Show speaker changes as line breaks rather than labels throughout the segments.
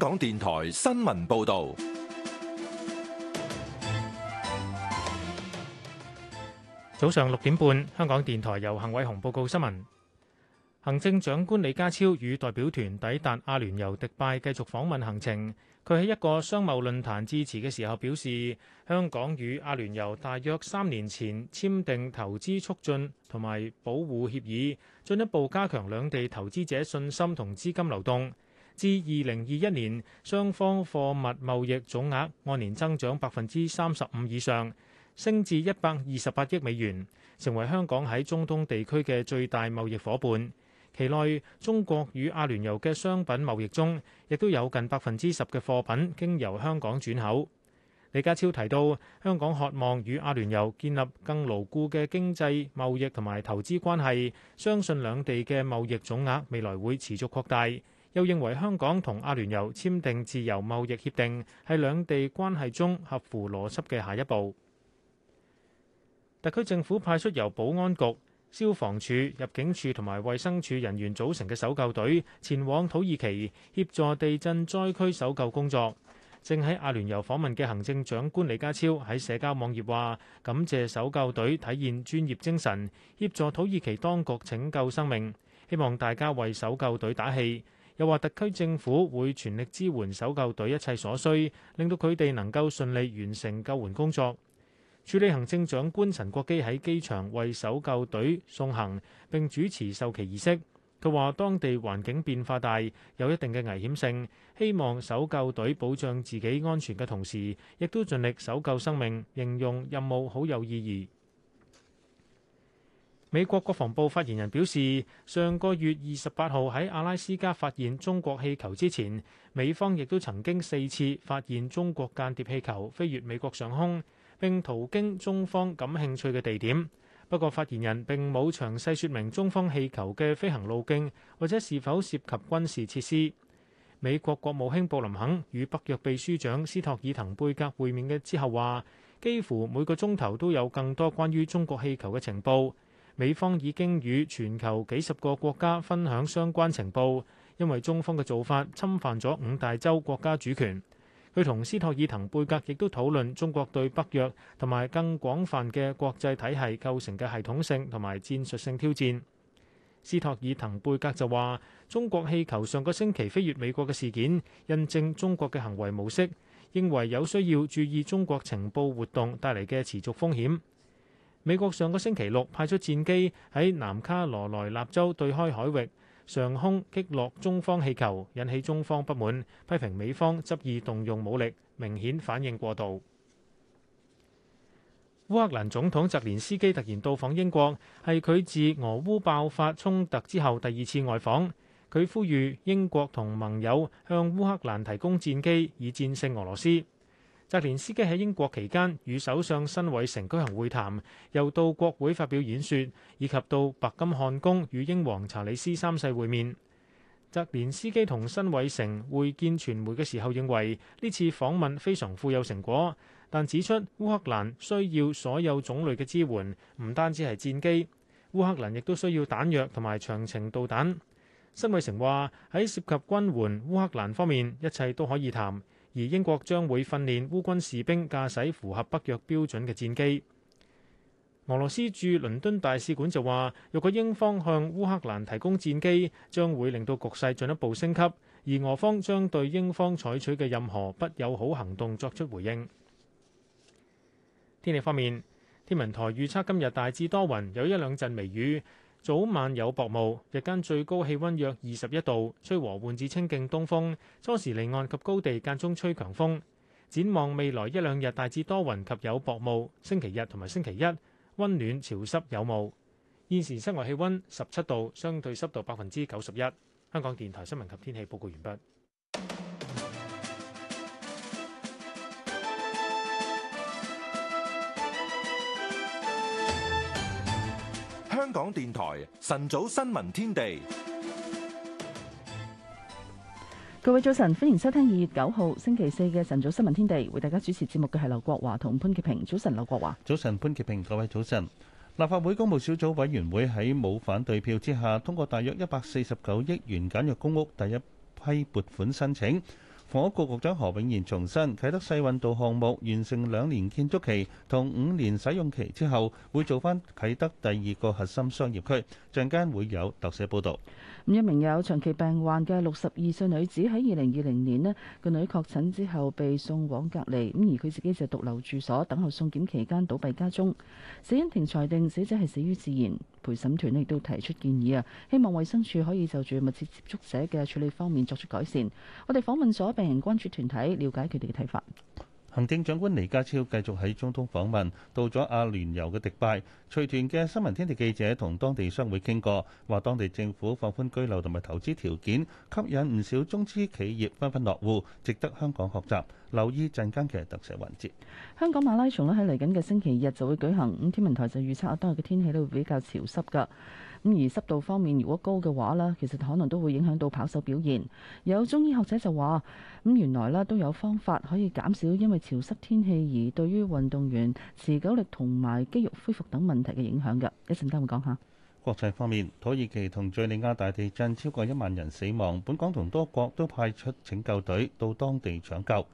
香港電
台新聞報道，
早上六點半，香港電台由幸偉雄報告新聞。行政長官李家超與代表團抵達阿聯酋迪拜，繼續訪問行程。佢喺一個商貿論壇致辭嘅時候表示，香港與阿聯酋大約三年前簽訂投資促進同埋保護協議，進一步加強兩地投資者信心同資金流動。至二零二一年，雙方貨物貿易總額按年增長百分之三十五以上，升至一百二十八億美元，成為香港喺中東地區嘅最大貿易伙伴。期內，中國與阿聯酋嘅商品貿易中，亦都有近百分之十嘅貨品經由香港轉口。李家超提到，香港渴望與阿聯酋建立更牢固嘅經濟貿易同埋投資關係，相信兩地嘅貿易總額未來會持續擴大。又認為香港同阿聯酋簽訂自由貿易協定係兩地關係中合乎邏輯嘅下一步。特區政府派出由保安局、消防處、入境處同埋衛生署人員組成嘅搜救隊前往土耳其協助地震災區搜救工作。正喺阿聯酋訪問嘅行政長官李家超喺社交網頁話：感謝搜救隊體現專業精神，協助土耳其當局拯救生命。希望大家為搜救隊打氣。又話，特區政府會全力支援搜救隊一切所需，令到佢哋能夠順利完成救援工作。署理行政長官陳國基喺機場為搜救隊送行並主持授旗儀式。佢話：當地環境變化大，有一定嘅危險性，希望搜救隊保障自己安全嘅同時，亦都盡力搜救生命，形容任務好有意義。美國國防部發言人表示，上個月二十八號喺阿拉斯加發現中國氣球之前，美方亦都曾經四次發現中國間諜氣球飛越美國上空並途經中方感興趣嘅地點。不過，發言人並冇詳細説明中方氣球嘅飛行路徑或者是否涉及軍事設施。美國國務卿布林肯與北約秘書長斯托爾滕貝格會面嘅之後話，幾乎每個鐘頭都有更多關於中國氣球嘅情報。美方已經與全球幾十個國家分享相關情報，因為中方嘅做法侵犯咗五大洲國家主權。佢同斯托爾滕貝格亦都討論中國對北約同埋更廣泛嘅國際體系構成嘅系統性同埋戰術性挑戰。斯托爾滕貝格就話：中國氣球上個星期飛越美國嘅事件，印證中國嘅行為模式，認為有需要注意中國情報活動帶嚟嘅持續風險。美國上個星期六派出戰機喺南卡羅來納州對開海域上空擊落中方氣球，引起中方不滿，批評美方執意動用武力，明顯反應過度。烏克蘭總統澤連斯基突然到訪英國，係佢自俄烏爆發衝突之後第二次外訪。佢呼籲英國同盟友向烏克蘭提供戰機，以戰勝俄羅斯。澤連斯基喺英國期間與首相辛偉誠舉行會談，又到國會發表演說，以及到白金漢宮與英皇查理斯三世會面。澤連斯基同辛偉誠會見傳媒嘅時候，認為呢次訪問非常富有成果，但指出烏克蘭需要所有種類嘅支援，唔單止係戰機，烏克蘭亦都需要彈藥同埋長程導彈。辛偉誠話喺涉及軍援烏克蘭方面，一切都可以談。而英國將會訓練烏軍士兵駕駛符合北約標準嘅戰機。俄羅斯駐倫敦大使館就話，若果英方向烏克蘭提供戰機，將會令到局勢進一步升級，而俄方將對英方採取嘅任何不友好行動作出回應。天氣方面，天文台預測今日大致多雲，有一兩陣微雨。早晚有薄霧，日間最高氣温約二十一度，吹和緩至清勁東風，初時離岸及高地間中吹強風。展望未來一兩日大致多雲及有薄霧，星期日同埋星期一温暖潮濕有霧。現時室外氣温十七度，相對濕度百分之九十一。香港電台新聞及天氣報告完畢。
香港電台晨早新聞天地，
各位早晨，歡迎收聽二月九號星期四嘅晨早新聞天地，為大家主持節目嘅係劉國華同潘潔平。早晨，劉國華。早晨，
潘潔平。各位早晨。立法會公務小組委員會喺冇反對票之下，通過大約一百四十九億元簡約公屋第一批撥款申請。房屋局局長何永賢重申，啟德世運道項目完成兩年建築期同五年使用期之後，會做翻啟德第二個核心商業區。陣間會有特寫報
導。一名有長期病患嘅六十二歲女子喺二零二零年呢，個女確診之後被送往隔離，咁而佢自己就獨留住所等候送檢期間倒閉家中。死因庭裁定死者係死於自然，陪審團亦都提出建議啊，希望衞生署可以就住密切接觸者嘅處理方面作出改善。我哋訪問咗病人關注團體，了解佢哋嘅睇法。
行政長官李家超繼續喺中東訪問，到咗阿聯酋嘅迪拜。隨團嘅新聞天地記者同當地商會傾過，話當地政府放寬居留同埋投資條件，吸引唔少中資企業紛紛落戶，值得香港學習。留意陣間嘅特寫環節。
香港馬拉松咧喺嚟緊嘅星期日就會舉行，咁天文台就預測當日嘅天氣都會比較潮濕㗎。咁而濕度方面，如果高嘅話呢，其實可能都會影響到跑手表現。有中醫學者就話，咁原來呢都有方法可以減少因為潮濕天氣而對於運動員持久力同埋肌肉恢復等問題嘅影響嘅。一陣間會講下。
國際方面，土耳其同敘利亞大地震，超過一萬人死亡，本港同多國都派出拯救隊到當地搶救。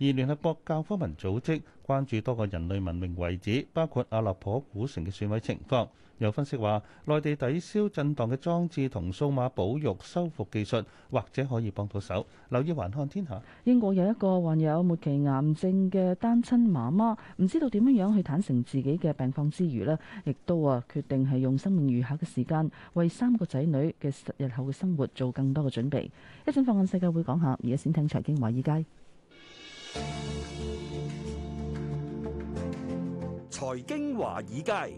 而聯合國教科文組織關注多個人類文明遺址，包括阿勒頗古城嘅損毀情況。有分析話，內地抵消震盪嘅裝置同數碼保育修復技術，或者可以幫到手。留意環看天下。
英國有一個患有末期癌症嘅單親媽媽，唔知道點樣樣去坦誠自己嘅病況之餘呢，亦都啊決定係用生命餘下嘅時間，為三個仔女嘅日後嘅生活做更多嘅準備。一陣放案世界會講下，而家先聽財經華爾街。
財經華爾街，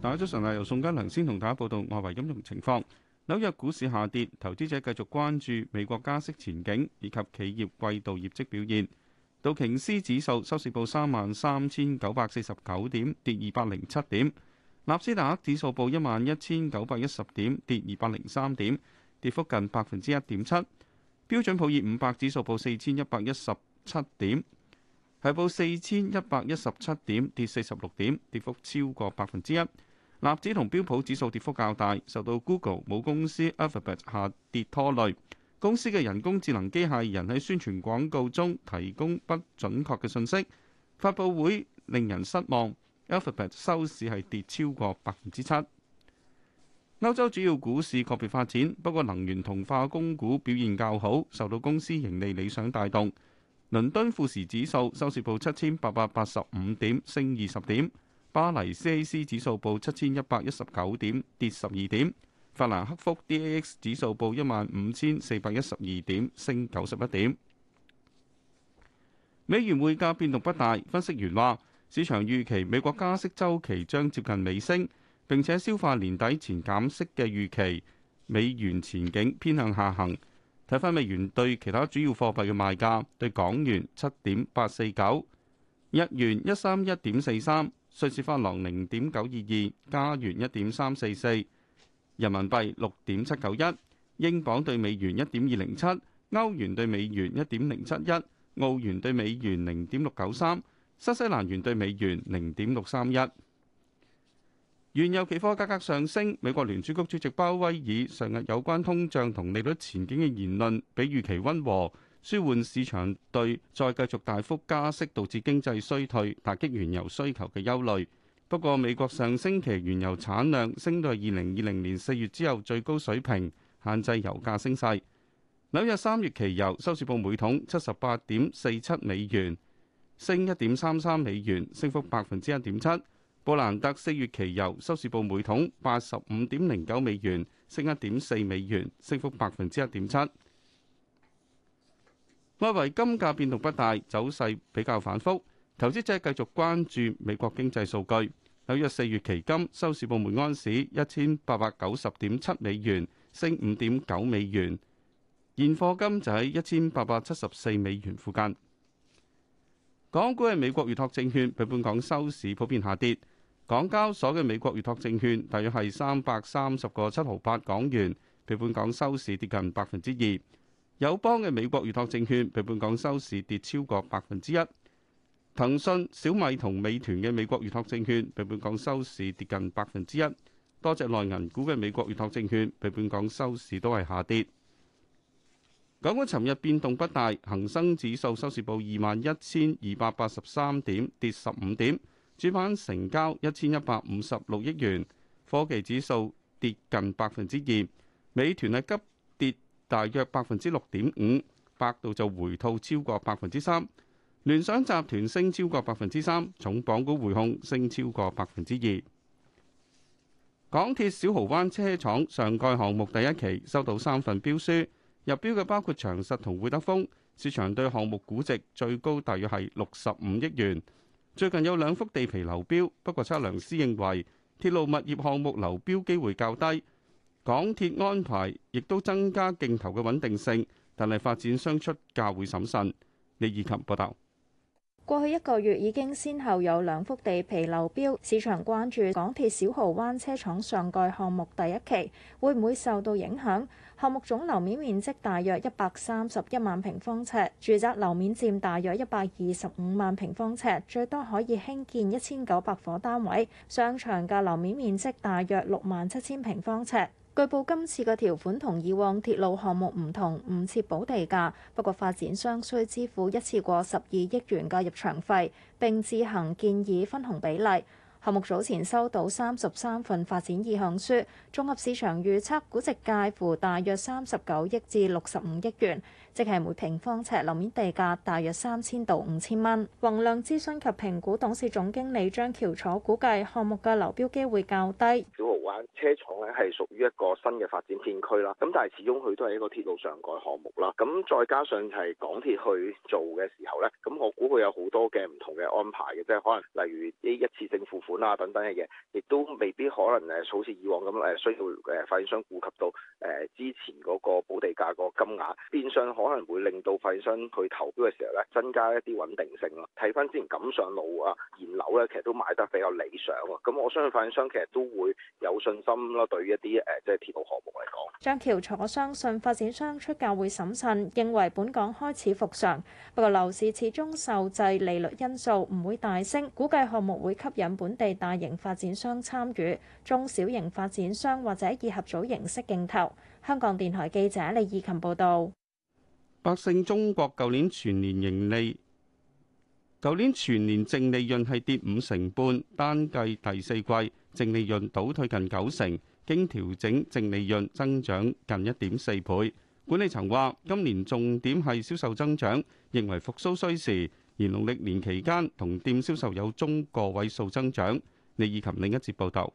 大家早晨，好。由宋嘉良先同大家報道外圍金融情況。紐約股市下跌，投資者繼續關注美國加息前景以及企業季度業績表現。道瓊斯指數收市報三萬三千九百四十九點，跌二百零七點；納斯達克指數報一萬一千九百一十點，跌二百零三點，跌幅近百分之一點七。標準普爾五百指數報四千一百一十七點，係報四千一百一十七點，跌四十六點，跌幅超過百分之一。納指同標普指數跌幅較大，受到 Google 母公司 Alphabet 下跌拖累。公司嘅人工智能機械人喺宣傳廣告中提供不準確嘅訊息，發佈會令人失望。Alphabet 收市係跌超過百分之七。歐洲主要股市個別發展，不過能源同化工股表現較好，受到公司盈利理想帶動。倫敦富時指數收市報七千八百八十五點，升二十點；巴黎 CAC 指數報七千一百一十九點，跌十二點；法蘭克福 DAX 指數報一萬五千四百一十二點，升九十一點。美元匯價變動不大，分析員話市場預期美國加息週期將接近尾聲。並且消化年底前減息嘅預期，美元前景偏向下行。睇返美元對其他主要貨幣嘅賣價：對港元七點八四九，日元一三一點四三，瑞士法郎零點九二二，加元一點三四四，人民幣六點七九一，英鎊對美元一點二零七，歐元對美元一點零七一，澳元對美元零點六九三，新西蘭元對美元零點六三一。原油期貨價格上升，美國聯儲局主席鮑威爾上日有關通脹同利率前景嘅言論比預期溫和，舒緩市場對再繼續大幅加息導致經濟衰退、打擊原油需求嘅憂慮。不過，美國上星期原油產量升到二零二零年四月之後最高水平，限制油價升勢。紐約三月期油收市報每桶七十八點四七美元，升一點三三美元，升幅百分之一點七。布蘭特四月期油收市報每桶八十五點零九美元，升一點四美元，升幅百分之一點七。外圍金價變動不大，走勢比較反覆，投資者繼續關注美國經濟數據。紐約四月期金收市報每安士一千八百九十點七美元，升五點九美元。現貨金就喺一千八百七十四美元附近。港股係美國預託證券被本港收市普遍下跌。港交所嘅美國預託證券，大約係三百三十個七毫八港元，比本港收市跌近百分之二。友邦嘅美國預託證券，比本港收市跌超過百分之一。騰訊、小米同美團嘅美國預託證券，比本港收市跌近百分之一。多隻內銀股嘅美國預託證券，比本港收市都係下跌。港股尋日變動不大，恒生指數收市報二萬一千二百八十三點，跌十五點。主板成交一千一百五十六億元，科技指數跌近百分之二，美團係急跌大約百分之六點五，百度就回吐超過百分之三，聯想集團升超過百分之三，重磅股匯控升超過百分之二。港鐵小蠔灣車廠上蓋項目第一期收到三份標書，入標嘅包括長實同匯德豐，市場對項目估值最高大約係六十五億元。最近有兩幅地皮流標，不過測量師認為鐵路物業項目流標機會較低。港鐵安排亦都增加競投嘅穩定性，但係發展商出價會審慎。李怡琴報道。
過去一個月已經先後有兩幅地皮流標，市場關注港鐵小蠔灣車廠上蓋項目第一期會唔會受到影響？項目總樓面面積大約一百三十一萬平方尺，住宅樓面佔大約一百二十五萬平方尺，最多可以興建一千九百伙單位，商場嘅樓面面積大約六萬七千平方尺。據報今次嘅條款同以往鐵路項目唔同，唔設補地價，不過發展商需支付一次過十二億元嘅入場費，並自行建議分紅比例。項目早前收到三十三份發展意向書，綜合市場預測估值介乎大約三十九億至六十五億元。即係每平方尺樓面地價大約三千到五千蚊。宏亮諮詢及評估董事總經理張喬楚估計項目嘅流標機會較低。
小豪灣、啊、車廠咧係屬於一個
新嘅發展片區啦，咁但係始終佢都係一個鐵路上蓋項目啦。咁再加上係港鐵去做嘅時候咧，咁我估佢有好多嘅唔同嘅安排嘅，即係可能例如啲一次性付款啊等等嘅嘢，亦都未必可能誒，好似以往咁誒需要誒發展商顧及到誒之前嗰個補地價個金額變相。可能會令到發展商去投標嘅時候咧，增加一啲穩定性咯。睇翻之前錦上路啊、現樓咧，其實都買得比較理想。啊。咁我相信發展商其實都會有信心咯。對於一啲誒、呃、即係鐵路項目
嚟講，張橋楚相信發展商出價會審慎，認為本港開始復常，不過樓市始終受制利率因素，唔會大升。估計項目會吸引本地大型發展商參與，中小型發展商或者以合組形式競投。香港電台記者李義琴報道。
百勝中國舊年全年盈利，舊年全年淨利潤係跌五成半，單計第四季淨利潤倒退近九成，經調整淨利潤增長近一點四倍。管理層話今年重點係銷售增長，認為復蘇需時。而農曆年期間同店銷售有中個位數增長。李以琴另一節報道。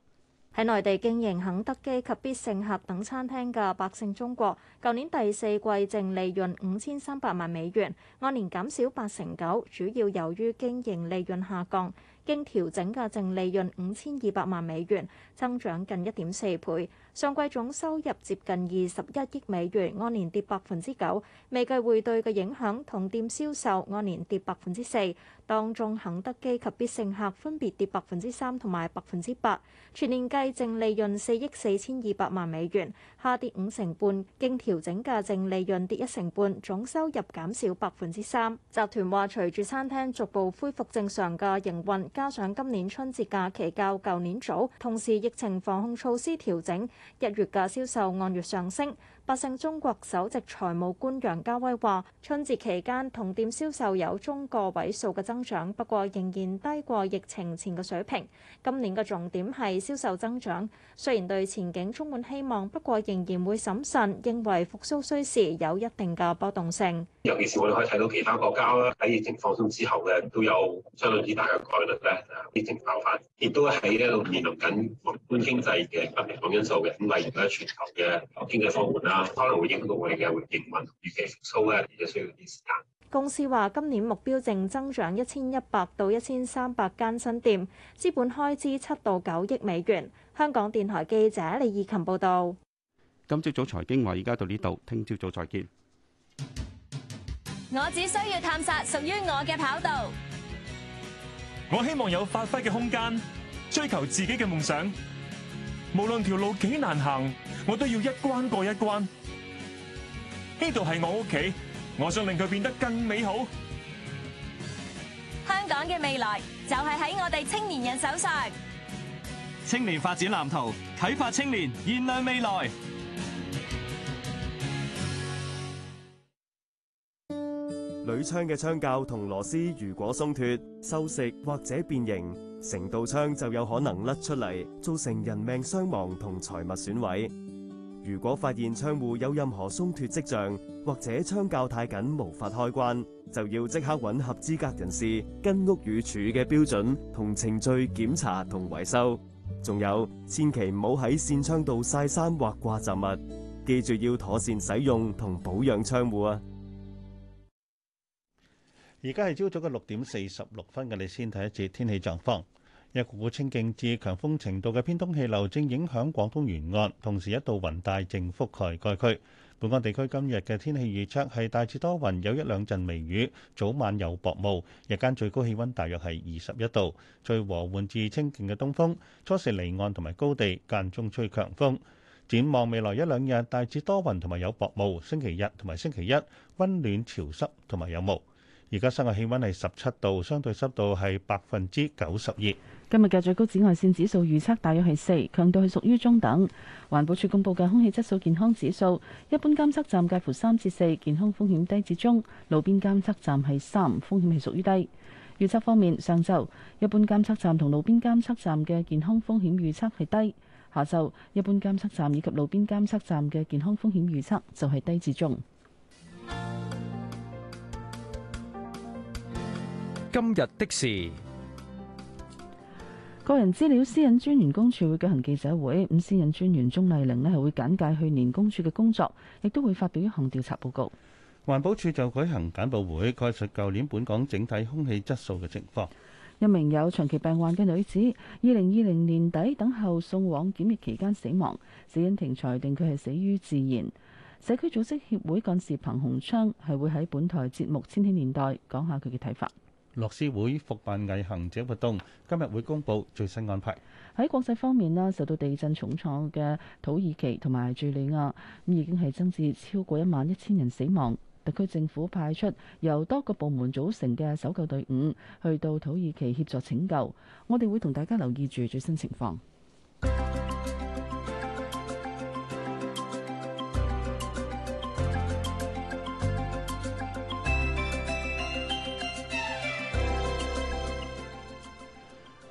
喺內地經營肯德基及必勝客等餐廳嘅百勝中國，舊年第四季淨利潤五千三百萬美元，按年減少八成九，主要由於經營利潤下降。經調整嘅淨利潤五千二百萬美元，增長近一點四倍。上季總收入接近二十一億美元，按年跌百分之九。未計匯兌嘅影響，同店銷售按年跌百分之四。當中肯德基及必勝客分別跌百分之三同埋百分之八。全年計淨利潤四億四千二百萬美元，下跌五成半。經調整嘅淨利潤跌一成半，總收入減少百分之三。集團話，隨住餐廳逐步恢復正常嘅營運。加上今年春節假期較舊年早，同時疫情防控措施調整，一月嘅銷售按月上升。百勝中國首席財務官楊家威話：春節期間同店銷售有中個位數嘅增長，不過仍然低過疫情前嘅水平。今年嘅重點係銷售增長，雖然對前景充滿希望，不過仍然會審慎，認為復甦需時有一定嘅波動性。尤其是我哋
可以睇到其他國家啦，喺疫情放鬆之後嘅都有相對之大嘅概率咧，疫情爆發，亦都喺度面臨緊宏觀經濟嘅不明朗因素嘅。咁例如咧，全球嘅經濟放緩啦。
公司話今年目標淨增長一千一百到一千三百間新店，資本開支七到九億美元。香港電台記者李義琴報道。
今朝早財經話而家到呢度，聽朝早再見。
我只需要探索屬於我嘅跑道，
我希望有發揮嘅
空間，追求自己嘅夢想。無論條路幾難行，我都要一關過一關。呢度係我屋企，我想令佢變得更美好。
香港嘅未來就係喺我哋青年人手上。
青年發展藍圖，啟發青年，燃亮未來。鋁窗嘅窗鉸同螺絲如果鬆脫、銹蝕或者變形，成道窗就有可能甩出嚟，造成人命傷亡同財物損毀。如果發現窗戶有任何鬆脫跡象，或者窗鉸太緊無法開關，就要即刻揾合資格人士跟屋宇署嘅標準同程序檢查同維修。仲有，千祈唔好喺扇窗度晒衫或掛雜物。記住要妥善使用同保養窗戶啊！
而家係朝早嘅六點四十六分嘅，你先睇一次天氣狀況。一股清勁至強風程度嘅偏東氣流正影響廣東沿岸，同時一道雲帶正覆蓋該區。本港地區今日嘅天氣預測係大致多雲，有一兩陣微雨，早晚有薄霧，日間最高氣溫大約係二十一度，最和緩至清勁嘅東風，初時離岸同埋高地間中吹強風。展望未來一兩日，大致多雲同埋有薄霧。星期日同埋星期一溫暖潮濕同埋有霧。而家室外氣溫係十七度，相對濕度係百分之九十二。
今日嘅最高紫外線指數預測大約係四，強度係屬於中等。環保署公布嘅空氣質素健康指數，一般監測站介乎三至四，健康風險低至中；路邊監測站係三，風險係屬於低。預測方面，上晝一般監測站同路邊監測站嘅健康風險預測係低；下晝一般監測站以及路邊監測站嘅健康風險預測就係低至中。
今日的事，
個人資料私隱專員公署會舉行記者會，咁私隱專員鍾麗玲咧係會簡介去年公署嘅工作，亦都會發表一項調查報告。
環保署就舉行簡報會，概述舊年本港整體空氣質素嘅情況。
一名有長期病患嘅女子，二零二零年底等候送往檢疫期間死亡，死因庭裁定佢係死於自然。社區組織協會幹事彭洪昌係會喺本台節目《千禧年代》講下佢嘅睇法。
樂施會復辦毅行者活動，今日會公布最新安排。
喺國際方面啦，受到地震重創嘅土耳其同埋敘利亞咁，已經係增至超過一萬一千人死亡。特區政府派出由多個部門組成嘅搜救隊伍，去到土耳其協助拯救。我哋會同大家留意住最新情況。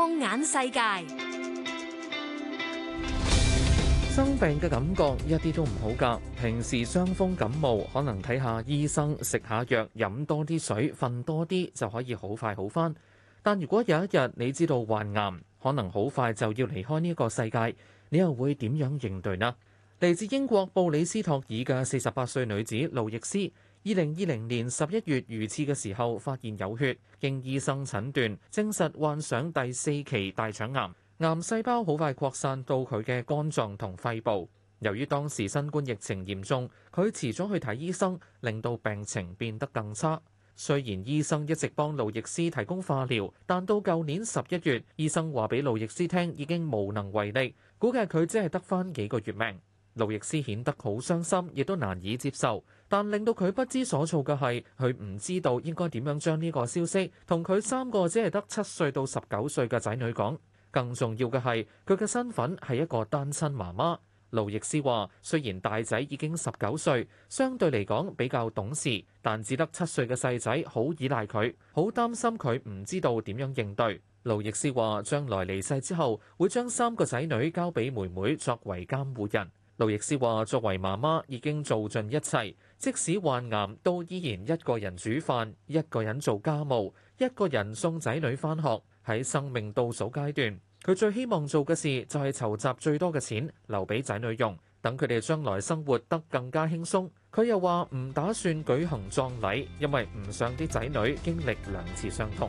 放眼世界，
生病嘅感覺一啲都唔好㗎。平時傷風感冒，可能睇下醫生，食下藥，飲多啲水，瞓多啲就可以好快好返。但如果有一日你知道患癌，可能好快就要離開呢一個世界，你又會點樣應對呢？嚟自英國布里斯托爾嘅四十八歲女子路易斯。二零二零年十一月，如廁嘅時候發現有血，經醫生診斷證實患上第四期大腸癌，癌細胞好快擴散到佢嘅肝臟同肺部。由於當時新冠疫情嚴重，佢遲咗去睇醫生，令到病情變得更差。雖然醫生一直幫路易斯提供化療，但到舊年十一月，醫生話俾路易斯聽已經無能為力，估計佢只係得翻幾個月命。路易斯顯得好傷心，亦都難以接受。但令到佢不知所措嘅係，佢唔知道應該點樣將呢個消息同佢三個只係得七歲到十九歲嘅仔女講。更重要嘅係，佢嘅身份係一個單親媽媽。路易斯話：雖然大仔已經十九歲，相對嚟講比較懂事，但只得七歲嘅細仔好依賴佢，好擔心佢唔知道點樣應對。路易斯話：將來離世之後，會將三個仔女交俾妹妹作為監護人。路易斯話：作為媽媽，已經做盡一切。即使患癌，都依然一個人煮飯，一個人做家務，一個人送仔女返學，喺生命倒數階段，佢最希望做嘅事就係籌集最多嘅錢留俾仔女用，等佢哋將來生活得更加輕鬆，佢又話唔打算舉行葬禮，因為唔想啲仔女經歷兩次傷痛。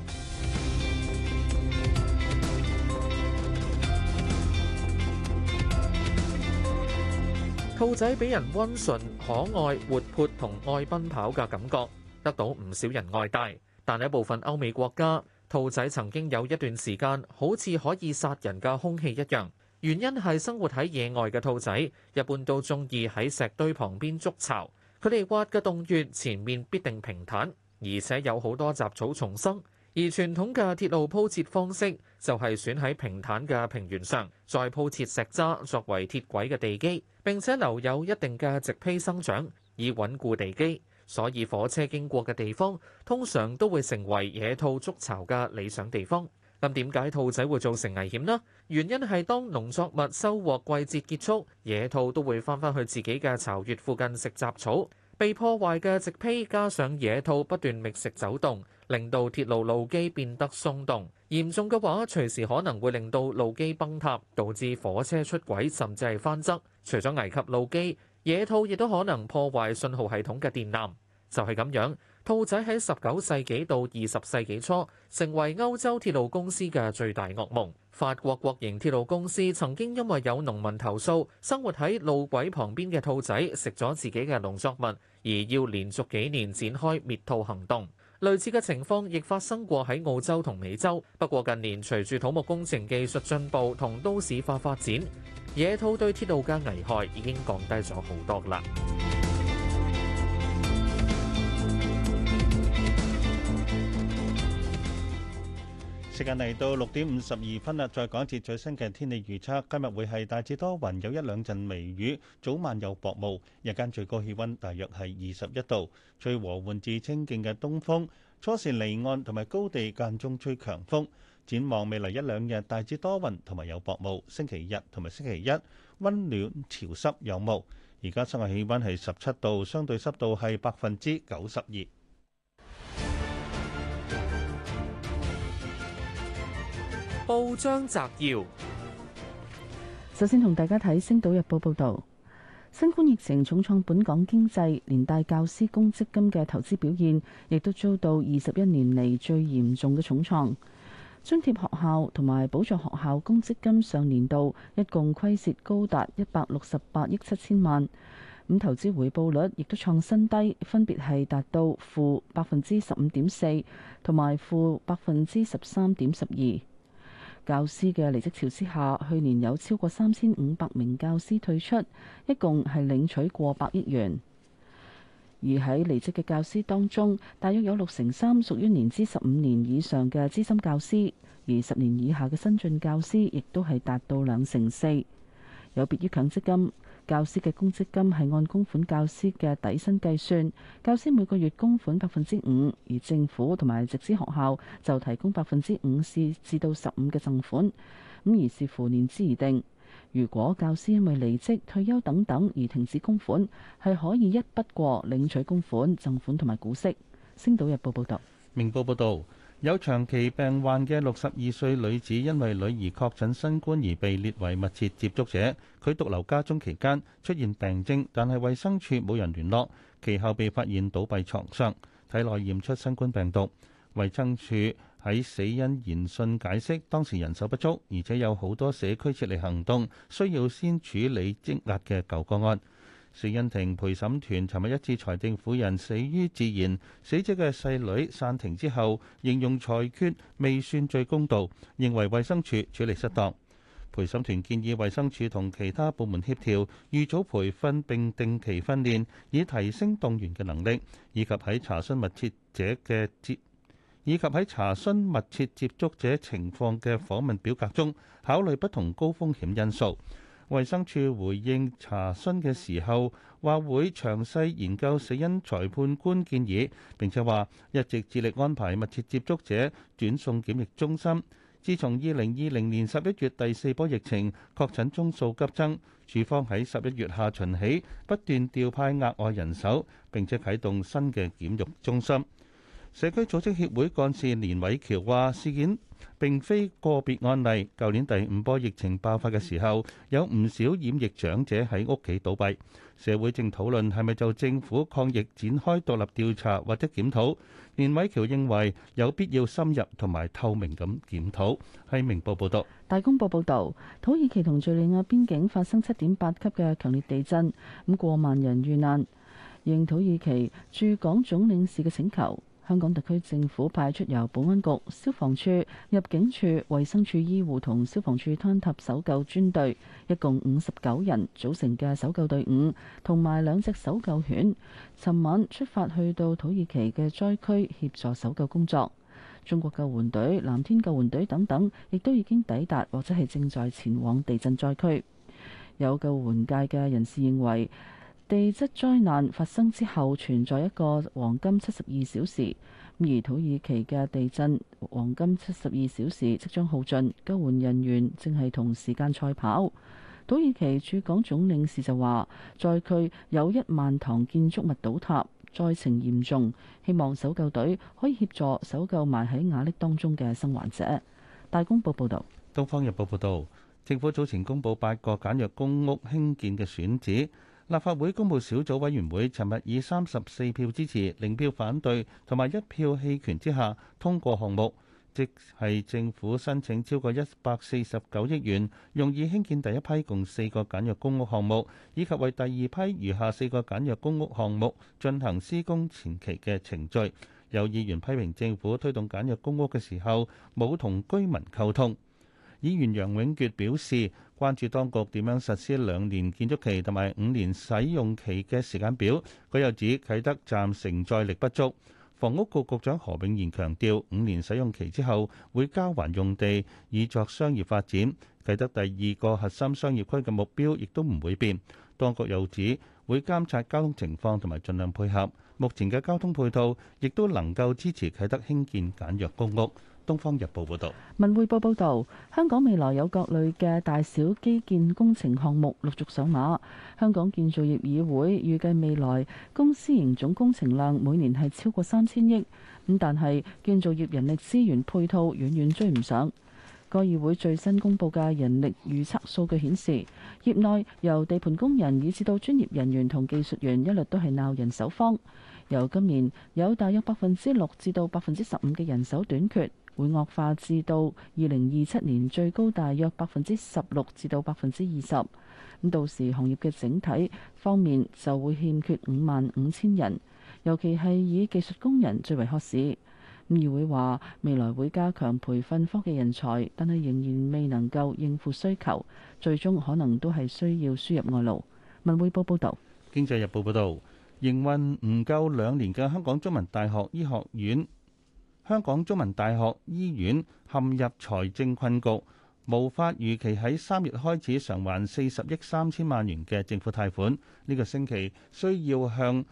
兔仔俾人溫順、可愛、活潑同愛奔跑嘅感覺，得到唔少人愛戴。但係部分歐美國家，兔仔曾經有一段時間好似可以殺人嘅兇器一樣。原因係生活喺野外嘅兔仔，一般都中意喺石堆旁邊築巢。佢哋挖嘅洞穴前面必定平坦，而且有好多雜草叢生。而傳統嘅鐵路鋪設方式就係選喺平坦嘅平原上，再鋪設石渣作為鐵軌嘅地基，並且留有一定嘅植被生長以穩固地基。所以火車經過嘅地方通常都會成為野兔築巢嘅理想地方。咁點解兔仔會造成危險呢？原因係當農作物收穫季節結束，野兔都會翻返去自己嘅巢穴附近食雜草。被破壞嘅植被，加上野兔不斷覓食走動，令到鐵路路基變得鬆動。嚴重嘅話，隨時可能會令到路基崩塌，導致火車出軌，甚至係翻側。除咗危及路基，野兔亦都可能破壞信號系統嘅電纜。就係咁樣。兔仔喺十九世紀到二十世紀初，成為歐洲鐵路公司嘅最大噩夢。法國國營鐵路公司曾經因為有農民投訴，生活喺路軌旁邊嘅兔仔食咗自己嘅農作物，而要連續幾年展開滅兔行動。類似嘅情況亦發生過喺澳洲同美洲。不過近年隨住土木工程技術進步同都市化發展，野兔對鐵路嘅危害已經降低咗好多啦。
時間嚟到六點五十二分啦，再講一次最新嘅天氣預測。今日會係大致多雲，有一兩陣微雨，早晚有薄霧。日間最高氣溫大約係二十一度，吹和緩至清勁嘅東風。初時離岸同埋高地間中吹強風。展望未來一兩日，大致多雲同埋有薄霧。星期日同埋星期一溫暖潮濕有霧。而家室外氣溫係十七度，相對濕度係百分之九十二。
報章摘要，
首先同大家睇《星島日報》報道，新冠疫情重創本港經濟，連帶教師公積金嘅投資表現亦都遭到二十一年嚟最嚴重嘅重創。津貼學校同埋補助學校公積金上年度一共虧蝕高達一百六十八億七千萬，咁投資回報率亦都創新低，分別係達到負百分之十五點四同埋負百分之十三點十二。教師嘅離職潮之下，去年有超過三千五百名教師退出，一共係領取過百億元。而喺離職嘅教師當中，大約有六成三屬於年資十五年以上嘅資深教師，而十年以下嘅新晉教師亦都係達到兩成四。有別於強積金。教師嘅公積金係按供款教師嘅底薪計算，教師每個月供款百分之五，而政府同埋直資學校就提供百分之五至到十五嘅贈款，咁而視乎年資而定。如果教師因為離職、退休等等而停止供款，係可以一筆過領取供款、贈款同埋股息。星島日報報道。
明報報導。有長期病患嘅六十二歲女子，因為女兒確診新冠而被列為密切接觸者。佢獨留家中期間出現病徵，但係衞生署冇人聯絡。其後被發現倒斃床上，體內驗出新冠病毒。衞生署喺死因研訊解釋，當時人手不足，而且有好多社區撤離行動，需要先處理積壓嘅舊個案。死因庭陪審團尋日一致裁定婦人死於自然，死者嘅細女散庭之後形容裁決未算最公道，認為衛生署處,處理失當。陪審團建議衛生署同其他部門協調，預早培訓並定期訓練，以提升動員嘅能力，以及喺查詢密切者嘅接，以及喺查詢密切接觸者情況嘅訪問表格中考慮不同高風險因素。衛生署回應查詢嘅時候，話會詳細研究死因裁判官建議，並且話一直致力安排密切接觸者轉送檢疫中心。自從二零二零年十一月第四波疫情確診宗數急增，處方喺十一月下旬起不斷調派額外人手，並且啟動新嘅檢疫中心。社區組織協會幹事連偉橋話：事件並非個別案例。舊年第五波疫情爆發嘅時候，有唔少染疫長者喺屋企倒閉。社會正討論係咪就政府抗疫展開獨立調查或者檢討。連偉橋認為有必要深入同埋透明咁檢討。喺明報報導，
大公報報導，土耳其同敘利亞邊境發生七點八級嘅強烈地震，咁過萬人遇難。應土耳其駐港總領事嘅請求。香港特區政府派出由保安局、消防處、入境處、衛生署醫護同消防處坍塌搜救專隊，一共五十九人組成嘅搜救隊伍，同埋兩隻搜救犬，尋晚出發去到土耳其嘅災區協助搜救工作。中國救援隊、藍天救援隊等等，亦都已經抵達或者係正在前往地震災區。有救援界嘅人士認為。地質災難發生之後存在一個黃金七十二小時，而土耳其嘅地震黃金七十二小時即將耗盡，救援人員正係同時間賽跑。土耳其駐港總領事就話：災區有一萬幢建築物倒塌，災情嚴重，希望搜救隊可以協助搜救埋喺瓦礫當中嘅生還者。《大公報》報道。
《東方日報》報道，政府早前公布八個簡約公屋興建嘅選址。立法會公務小組委員會尋日以三十四票支持、零票反對同埋一票棄權之下通過項目，即係政府申請超過一百四十九億元，用以興建第一批共四個簡約公屋項目，以及為第二批餘下四個簡約公屋項目進行施工前期嘅程序。有議員批評政府推動簡約公屋嘅時候冇同居民溝通。議員楊永杰表示。關注當局點樣實施兩年建築期同埋五年使用期嘅時間表。佢又指啟德站承載力不足。房屋局局長何永賢強調，五年使用期之後會交還用地以作商業發展。啟德第二個核心商業區嘅目標亦都唔會變。當局又指會監察交通情況同埋盡量配合。目前嘅交通配套亦都能夠支持啟德興建簡約公屋。《
東方日報》報導，《文匯報》報道，香港未來有各類嘅大小基建工程項目陸續上馬。香港建造業議會預計未來公私營總工程量每年係超過三千億，咁但係建造業人力資源配套遠遠追唔上。該議會最新公佈嘅人力預測數據顯示，業內由地盤工人以至到專業人員同技術員，一律都係鬧人手荒。由今年有大約百分之六至到百分之十五嘅人手短缺。會惡化至到二零二七年最高大約百分之十六至到百分之二十，咁到時行業嘅整體方面就會欠缺五萬五千人，尤其係以技術工人最為渴市。咁議會話未來會加強培訓科技人才，但係仍然未能夠應付需求，最終可能都係需要輸入外勞。文匯報報導，
《經濟日報》報導，營運唔夠兩年嘅香港中文大學醫學院。香港中文大學醫院陷入財政困局，無法預期喺三月開始償還四十億三千萬元嘅政府貸款。呢、這個星期需要向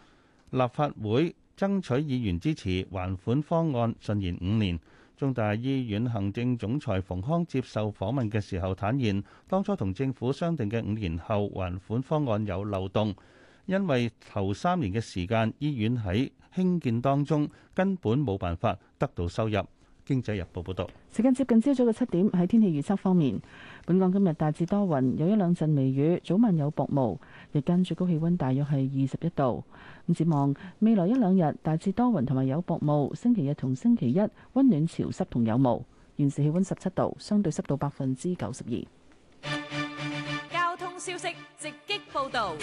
立法會爭取議員支持還款方案順延五年。中大醫院行政總裁馮康接受訪問嘅時候坦言，當初同政府商定嘅五年後還款方案有漏洞。因為頭三年嘅時間，醫院喺興建當中，根本冇辦法得到收入。經濟日報報道，
時間接近朝早嘅七點，喺天氣預測方面，本港今日大致多雲，有一兩陣微雨，早晚有薄霧，日間最高氣温大約係二十一度。咁展望未來一兩日，大致多雲同埋有薄霧。星期日同星期一温暖潮濕同有霧。現時氣温十七度，相對濕度百分之九十二。
交通消息直擊報導。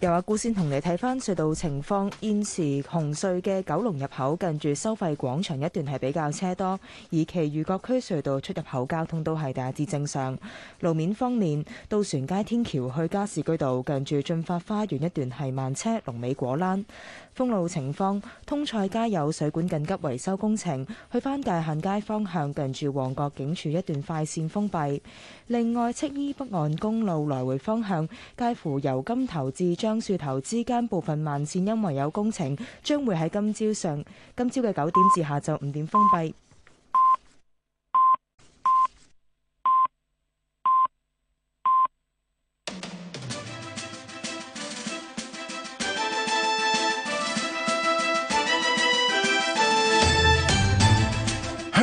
又話，顧先同你睇翻隧道情況。現時紅隧嘅九龍入口近住收費廣場一段係比較車多，而其餘各區隧道出入口交通都係大致正常。路面方面，渡船街天橋去加士居道近住進發花園一段係慢車，龍尾果欄。公路情況，通菜街有水管緊急維修工程，去番界限街方向近住旺角警署一段快線封閉。另外，青衣北岸公路來回方向，介乎由金頭至樟樹頭之間部分慢線因為有工程，將會喺今朝上今朝嘅九點至下晝五點封閉。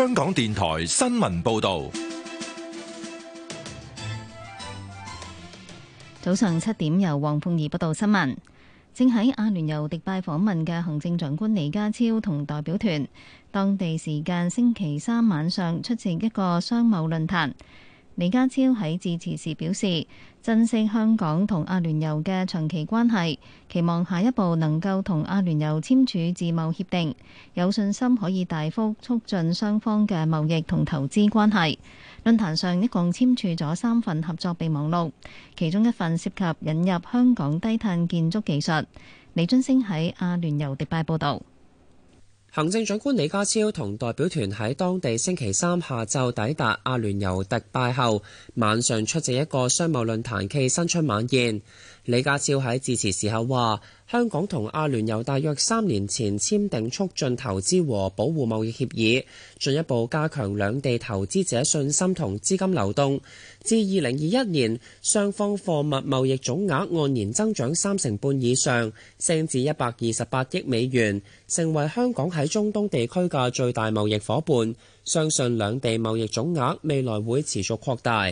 香港電台新聞報道，
早上七點由黃鳳儀報道新聞。正喺阿聯酋迪拜訪問嘅行政長官李家超同代表團，當地時間星期三晚上出席一個商貿論壇。李家超喺致辭時表示：增升香港同阿聯酋嘅長期關係，期望下一步能夠同阿聯酋簽署自貿協定，有信心可以大幅促進雙方嘅貿易同投資關係。論壇上一共簽署咗三份合作備忘錄，其中一份涉及引入香港低碳建築技術。李津升喺阿聯酋迪拜報道。
行政長官李家超同代表團喺當地星期三下晝抵達阿聯酋迪拜後，晚上出席一個商務論壇暨新春晚宴。李家超喺致辭時候話：香港同阿聯酋大約三年前簽訂促進投資和保護貿易協議，進一步加強兩地投資者信心同資金流動。至二零二一年，雙方貨物貿易總額按年增長三成半以上，升至一百二十八億美元，成為香港喺中東地區嘅最大貿易夥伴。相信兩地貿易總額未來會持續擴大。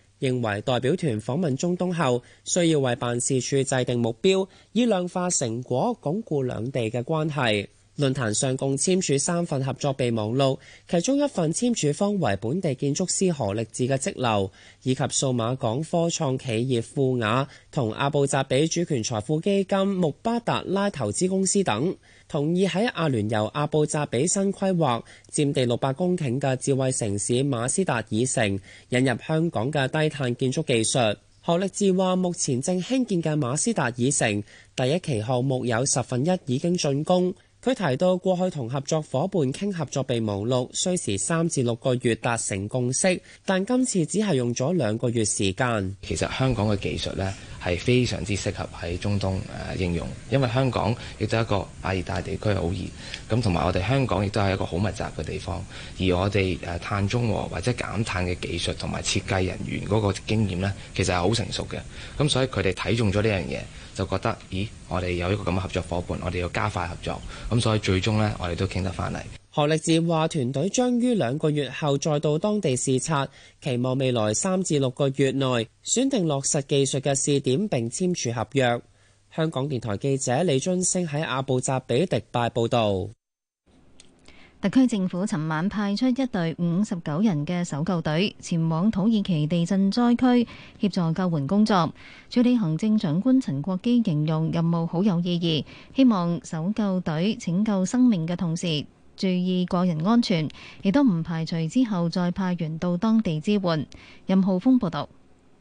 認為代表團訪問中東後，需要為辦事處制定目標，以量化成果，鞏固兩地嘅關係。論壇上共簽署三份合作備忘錄，其中一份簽署方為本地建築師何力智嘅積流，以及數碼港科創企業富雅同阿布扎比主權財富基金穆巴達拉投資公司等。同意喺阿聯酋阿布扎比新規劃佔地六百公頃嘅智慧城市馬斯達爾城引入香港嘅低碳建築技術。何力智話目前正興建嘅馬斯達爾城第一期項目有十分一已經竣工。佢提到過去同合作伙伴傾合作備忘錄，需時三至六個月達成共識，但今次只係用咗兩個月
時間。其實香港嘅技術呢係非常之適合喺中東誒應用，因為香港亦都係一個亞熱帶地區好熱，咁同埋我哋香港亦都係一個好密集嘅地方，而我哋誒碳中和或者減碳嘅技術同埋設計人員嗰個經驗呢，其實係好成熟嘅，咁所以佢哋睇中咗呢樣嘢。就覺得，咦，我哋有一個咁嘅合作伙伴，我哋要加快合作。咁所以最終呢，我哋都傾得翻嚟。
何力志話，團隊將於兩個月後再到當地視察，期望未來三至六個月內選定落實技術嘅試點並簽署合約。香港電台記者李津升喺阿布扎比迪拜報導。
特區政府尋晚派出一隊五十九人嘅搜救隊前往土耳其地震災區協助救援工作。署理行政長官陳國基形容任務好有意義，希望搜救隊拯救生命嘅同時，注意個人安全，亦都唔排除之後再派員到當地支援。任浩峰報道。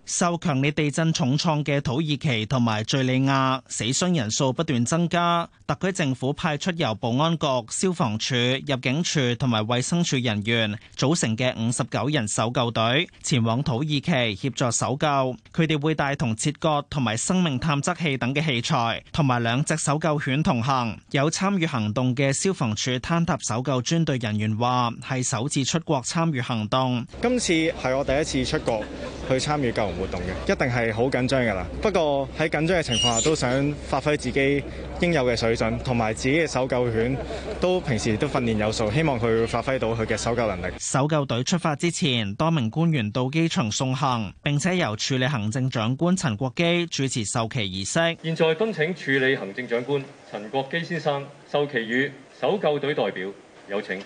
受強烈地震重創嘅土耳其同埋敘利亞，死傷人數不斷增加。特區政府派出由保安局、消防處、入境處同埋衛生署人員組成嘅五十九人搜救隊前往土耳其協助搜救。佢哋會帶同切割同埋生命探測器等嘅器材，同埋兩隻搜救犬同行。有參與行動嘅消防處坍塌搜救專隊人員話，係首次出國參與行動。
今次係我第一次出國去參
與救活動嘅一定係好緊張㗎啦，不過喺緊張嘅情況下都想發揮自己應有嘅水準，同埋自己嘅搜救犬都平時都訓練有素，希望佢會發揮到佢嘅搜救能力。
搜救隊出發之前，多名官員到機場送行，並且由署理行政長官陳國基主持授旗儀式。
現在，恭請署理行政長官陳國基先生授旗予搜救隊代表，有請。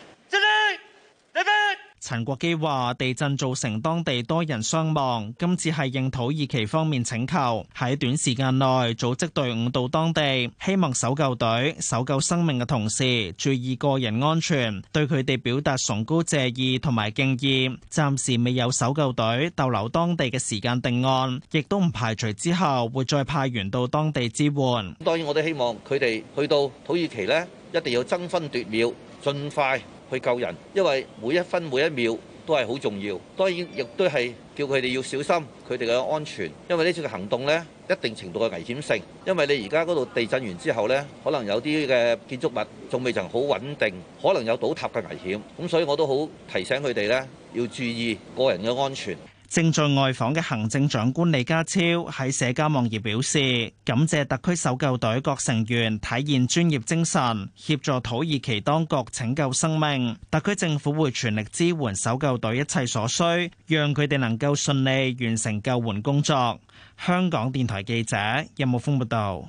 陳國基話：地震造成當地多人傷亡，今次係應土耳其方面請求，喺短時間內組織隊伍到當地，希望搜救隊搜救生命嘅同時，注意個人安全，對佢哋表達崇高謝意同埋敬意。暫時未有搜救隊逗留當地嘅時間定案，亦都唔排除之後會再派員到當地支援。咁
當然我都希望佢哋去到土耳其呢，一定要爭分奪秒，盡快。去救人，因為每一分每一秒都係好重要。當然，亦都係叫佢哋要小心佢哋嘅安全，因為呢次嘅行動咧，一定程度嘅危險性。因為你而家嗰度地震完之後咧，可能有啲嘅建築物仲未曾好穩定，可能有倒塌嘅危險，
咁所以我都好提醒佢哋咧，要注意個人嘅安全。
正在外訪嘅行政長官李家超喺社交網頁表示，感謝特區搜救隊各成員體現專業精神，協助土耳其當局拯救生命。特區政府會全力支援搜救隊一切所需，讓佢哋能夠順利完成救援工作。香港電台記者任木峰報道：有有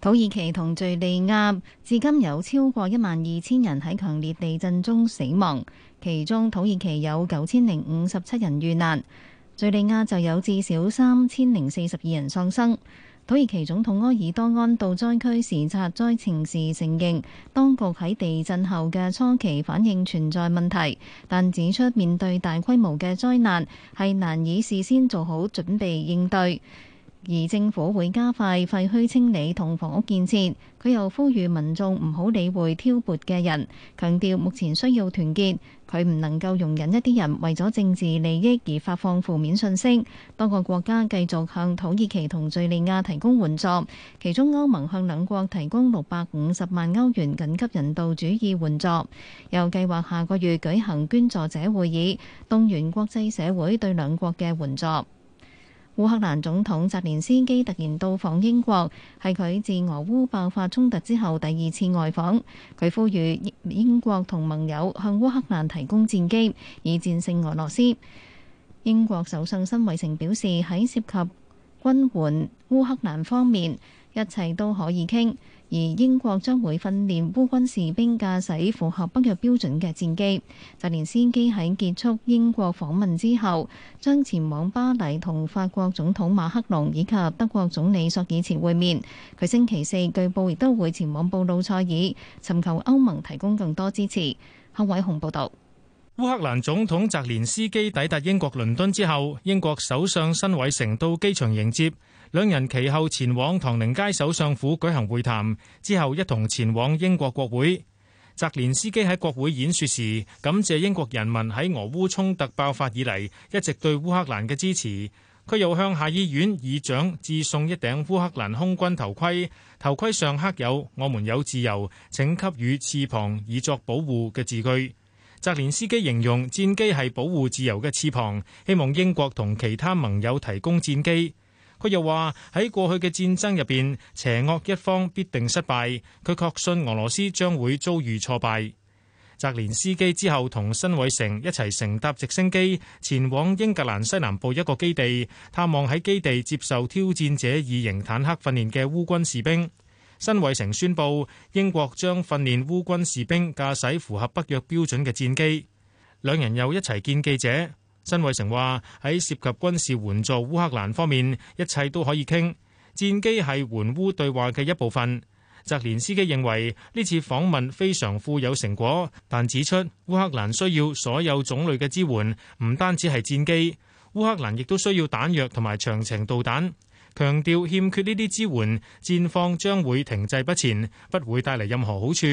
土耳其同敘利亞至今有超過一萬二千人喺強烈地震中死亡。其中土耳其有九千零五十七人遇難，敘利亞就有至少三千零四十二人喪生。土耳其總統埃爾多安到災區視察災情時承認，當局喺地震後嘅初期反應存在問題，但指出面對大規模嘅災難係難以事先做好準備應對。而政府會加快廢墟清理同房屋建設。佢又呼籲民眾唔好理會挑撥嘅人，強調目前需要團結。佢唔能夠容忍一啲人為咗政治利益而發放負面訊息。多個國家繼續向土耳其同敘利亞提供援助，其中歐盟向兩國提供六百五十萬歐元緊急人道主義援助，又計劃下個月舉行捐助者會議，動員國際社會對兩國嘅援助。烏克蘭總統澤連斯基突然到訪英國，係佢自俄烏爆發衝突之後第二次外訪。佢呼籲英國同盟友向烏克蘭提供戰機，以戰勝俄羅斯。英國首相辛偉誠表示，喺涉及軍援烏克蘭方面，一切都可以傾。而英國將會訓練烏軍士兵駕駛符合北約標準嘅戰機。澤連斯基喺結束英國訪問之後，將前往巴黎同法國總統馬克龍以及德國總理索爾茨前會面。佢星期四據報亦都會前往布魯塞爾，尋求歐盟提供更多支持。夏偉雄報道：
「烏克蘭總統澤連斯基抵達英國倫敦之後，英國首相辛偉誠到機場迎接。兩人其後前往唐寧街首相府舉行會談，之後一同前往英國國會。澤連斯基喺國會演說時感謝英國人民喺俄烏衝突爆發以嚟一直對烏克蘭嘅支持。佢又向下議院議長致送一頂烏克蘭空軍頭盔，頭盔上刻有「我們有自由，請給予翅膀以作保護」嘅字句。澤連斯基形容戰機係保護自由嘅翅膀，希望英國同其他盟友提供戰機。佢又話：喺過去嘅戰爭入邊，邪惡一方必定失敗。佢確信俄羅斯將會遭遇挫敗。澤連斯基之後同辛偉誠一齊乘搭直升機前往英格蘭西南部一個基地，探望喺基地接受挑戰者二型坦克訓練嘅烏軍士兵。辛偉誠宣布，英國將訓練烏軍士兵駕駛符合北約標準嘅戰機。兩人又一齊見記者。辛偉誠話喺涉及軍事援助烏克蘭方面，一切都可以傾。戰機係援烏對話嘅一部分。澤連斯基認為呢次訪問非常富有成果，但指出烏克蘭需要所有種類嘅支援，唔單止係戰機。烏克蘭亦都需要彈藥同埋長程導彈。強調欠缺呢啲支援，戰況將會停滯不前，不會帶嚟任何好處。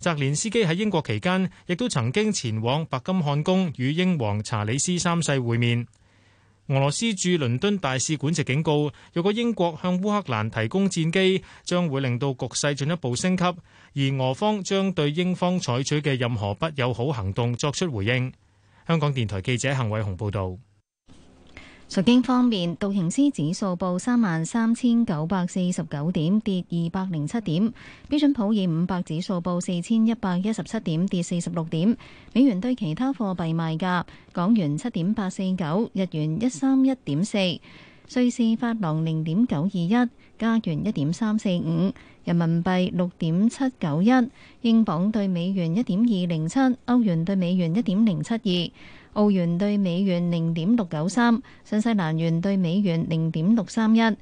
澤連斯基喺英國期間，亦都曾經前往白金漢宮與英皇查理斯三世會面。俄羅斯駐倫敦大使館直警告：若果英國向烏克蘭提供戰機，將會令到局勢進一步升級，而俄方將對英方採取嘅任何不友好行動作出回應。香港電台記者陳偉雄報道。
財經方面，道瓊斯指數報三萬三千九百四十九點，跌二百零七點；標準普爾五百指數報四千一百一十七點，跌四十六點。美元對其他貨幣賣價：港元七點八四九，日元一三一點四，瑞士法郎零點九二一，加元一點三四五，人民幣六點七九一，英鎊對美元一點二零七，歐元對美元一點零七二。澳元兌美元零點六九三，新西蘭元兌美元零點六三一，倫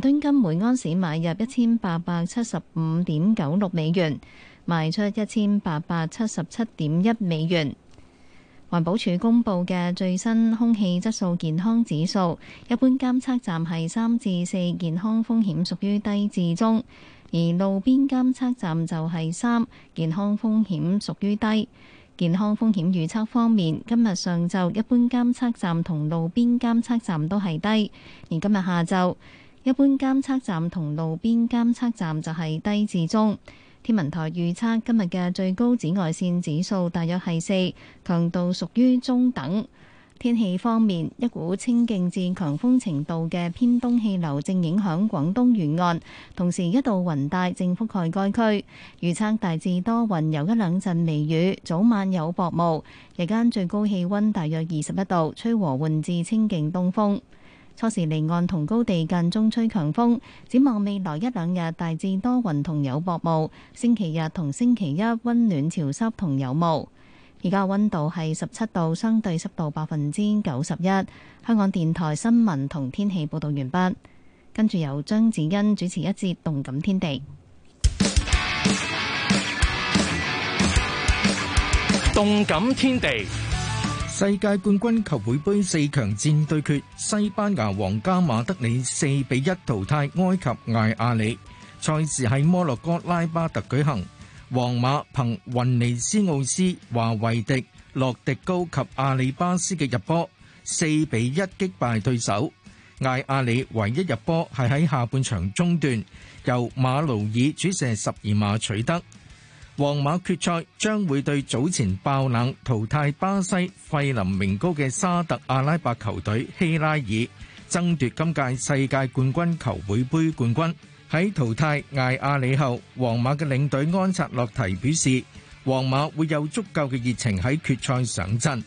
敦金每安士買入一千八百七十五點九六美元，賣出一千八百七十七點一美元。環保署公布嘅最新空氣質素健康指數，一般監測站係三至四，健康風險屬於低至中；而路邊監測站就係三，健康風險屬於低。健康風險預測方面，今日上晝一般監測站同路邊監測站都係低，而今日下晝一般監測站同路邊監測站就係低至中。天文台預測今日嘅最高紫外線指數大約係四，強度屬於中等。天氣方面，一股清勁至強風程度嘅偏東氣流正影響廣東沿岸，同時一道雲帶正覆蓋該區。預測大致多雲，有一兩陣微雨，早晚有薄霧，日間最高氣溫大約二十一度，吹和緩至清勁東風。初時離岸同高地間中吹強風。展望未來一兩日大致多雲同有薄霧，星期日同星期一温暖潮濕同有霧。而家温度係十七度，相對濕度百分之九十一。香港電台新聞同天氣報道完畢，跟住由張子欣主持一節動感天地。動感天地，天地
世界冠軍球會杯四強戰對決，西班牙皇家馬德里四比一淘汰埃及艾亞里，賽事喺摩洛哥拉巴特舉行。皇馬憑雲尼斯奧斯、華維迪、洛迪高及阿里巴斯嘅入波，四比一擊敗對手。艾阿里唯一入波係喺下半場中段，由馬勞爾主射十二碼取得。皇馬決賽將會對早前爆冷淘汰巴西費林明高嘅沙特阿拉伯球隊希拉爾爭奪今屆世界冠軍球會杯冠軍。喺淘汰艾阿里後，皇馬嘅領隊安察洛提表示，皇馬會有足夠嘅熱情喺決賽上陣。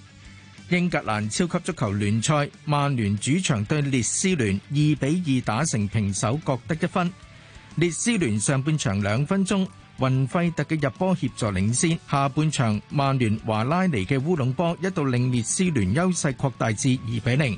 英格蘭超級足球聯賽，曼聯主場對列斯聯二比二打成平手，各得一分。列斯聯上半場兩分鐘，雲費特嘅入波協助領先，下半場曼聯華拉尼嘅烏龍波一度令列斯聯優勢擴大至二比零。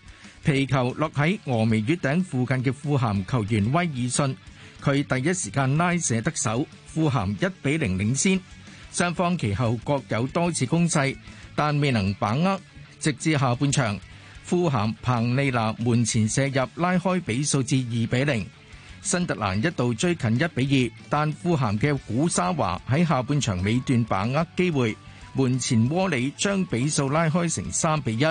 皮球落喺峨眉月頂附近嘅富咸球員威爾遜，佢第一時間拉射得手，富咸一比零領先。雙方其後各有多次攻勢，但未能把握。直至下半場，富咸彭利納門前射入，拉開比數至二比零。新特蘭一度追近一比二，但富咸嘅古沙華喺下半場尾段把握機會，門前窩里將比數拉開成三比一。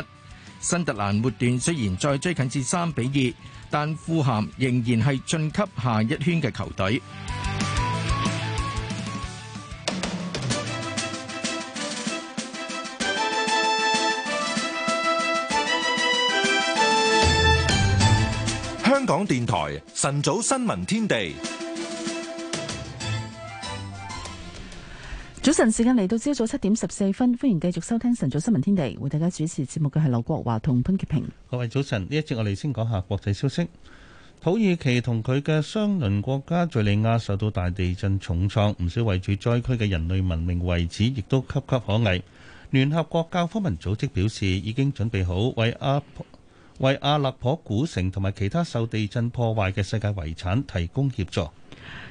新特蘭末段雖然再追近至三比二，但富咸仍然係晉級下一圈嘅球隊。香港電台晨早新聞天地。
早晨時間嚟到朝早七點十四分，歡迎繼續收聽晨早新聞天地。為大家主持節目嘅係劉國華同潘潔平。
各位早晨，呢一節我哋先講下國際消息。土耳其同佢嘅相鄰國家敘利亞受到大地震重創，唔少位住災區嘅人類文明遺址亦都岌岌可危。聯合國教科文組織表示，已經準備好為阿為阿勒頗古城同埋其他受地震破壞嘅世界遺產提供協助。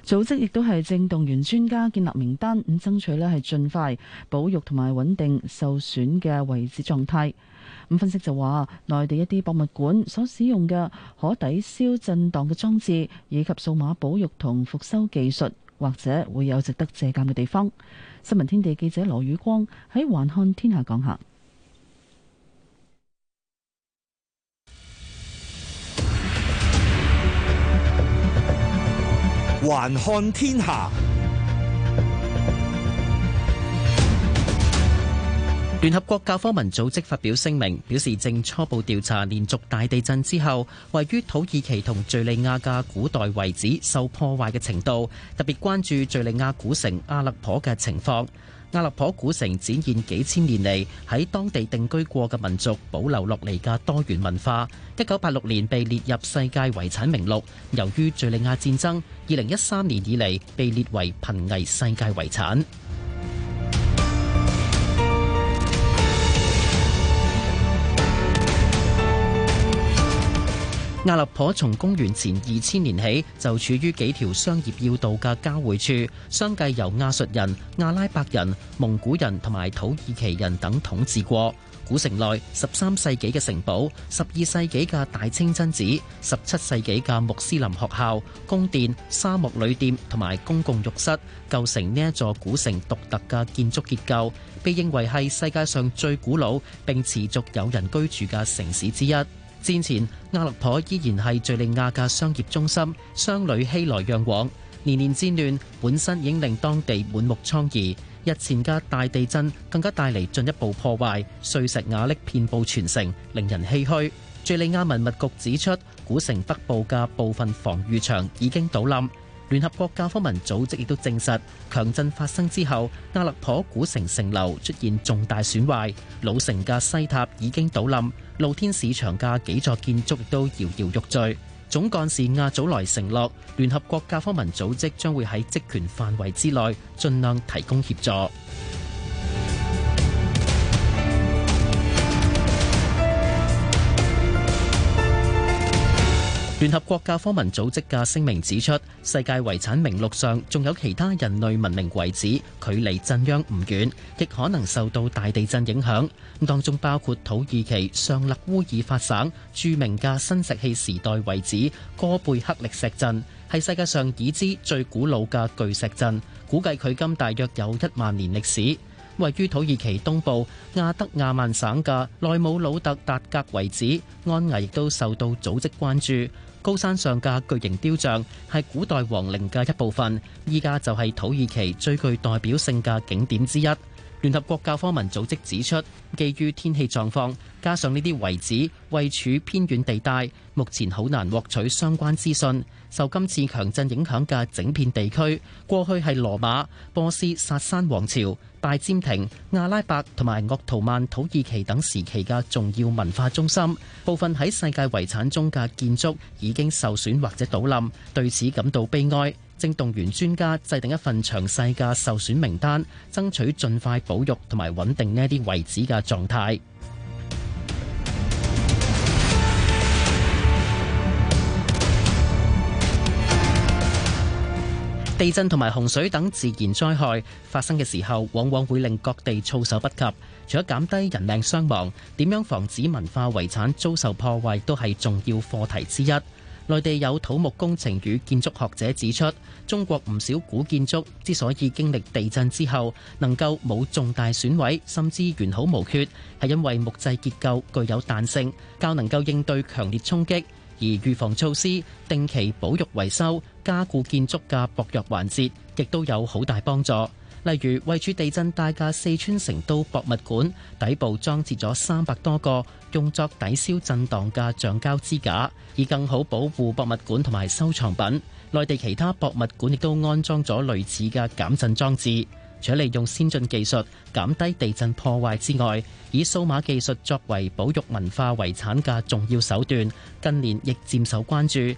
組織亦都係正動員專家建立名單，咁爭取呢係盡快保育同埋穩定受損嘅遺址狀態。咁分析就話，內地一啲博物館所使用嘅可抵消震盪嘅裝置，以及數碼保育同復修技術，或者會有值得借鑑嘅地方。新聞天地記者羅宇光喺橫看天下講下環看天
下。
聯合國教科文組織發表聲明，表示正初步調查連續大地震之後，位於土耳其同敘利亞嘅古代遺址受破壞嘅程度，特別關注敘利亞古城阿勒頗嘅情況。阿勒頗古城展現幾千年嚟喺當地定居過嘅民族保留落嚟嘅多元文化。一九八六年被列入世界遺產名錄，由於敘利亞戰爭，二零一三年以嚟被列為瀕危世界遺產。阿勒頗從公元前二千年起就處於幾條商業要道嘅交匯處，相繼由亞述人、阿拉伯人、蒙古人同埋土耳其人等統治過。古城內十三世紀嘅城堡、十二世紀嘅大清真寺、十七世紀嘅穆斯林學校、宮殿、沙漠旅店同埋公共浴室，構成呢一座古城獨特嘅建築結構，被認為係世界上最古老並持續有人居住嘅城市之一。戰前，阿勒頗依然係敘利亞嘅商業中心，商旅熙來攘往。年年戰亂本身已經令當地滿目瘡痍，日前嘅大地震更加帶嚟進一步破壞，碎石瓦礫遍布全城，令人唏噓。敘利亞文物局指出，古城北部嘅部分防禦牆已經倒冧。聯合國教科文組織亦都證實，強震發生之後，阿勒頗古城城樓出現重大損壞，老城嘅西塔已經倒冧。露天市場嘅幾座建築都搖搖欲墜。總幹事亞祖萊承諾，聯合國教科文組織將會喺職權範圍之內，盡量提供協助。聯合國教科文組織嘅聲明指出，世界遺產名錄上仲有其他人類文明遺址，距離震央唔遠，亦可能受到大地震影響。咁當中包括土耳其上勒烏爾法省著名嘅新石器時代遺址哥貝克力石陣，係世界上已知最古老嘅巨石陣，估計距今大約有一萬年歷史。位於土耳其東部亞德亞曼省嘅內姆魯特達格遺址，安危亦都受到組織關注。高山上嘅巨型雕像係古代皇陵嘅一部分，依家就係土耳其最具代表性嘅景點之一。聯合國教科文組織指出，基於天氣狀況，加上呢啲遺址位處偏遠地帶，目前好難獲取相關資訊。受今次強震影響嘅整片地區，過去係羅馬、波斯、薩珊王朝、拜占庭、阿拉伯同埋鄂圖曼土耳其等時期嘅重要文化中心，部分喺世界遺產中嘅建築已經受損或者倒冧，對此感到悲哀。正動員專家制定一份詳細嘅受損名單，爭取盡快保育同埋穩定呢啲遺址嘅狀態。地震同埋洪水等自然災害發生嘅時候，往往會令各地措手不及。除咗減低人命傷亡，點樣防止文化遺產遭受破壞都係重要課題之一。內地有土木工程與建築學者指出，中國唔少古建築之所以經歷地震之後能夠冇重大損毀，甚至完好無缺，係因為木製結構具有彈性，較能夠應對強烈衝擊。而預防措施，定期保育維修，加固建築嘅薄弱環節，亦都有好大幫助。例如，位處地震帶嘅四川成都博物館，底部裝置咗三百多個用作抵消震盪嘅橡膠支架，以更好保護博物館同埋收藏品。內地其他博物館亦都安裝咗類似嘅減震裝置，除利用先進技術減低地震破壞之外，以數碼技術作為保育文化遺產嘅重要手段，近年亦漸受關注。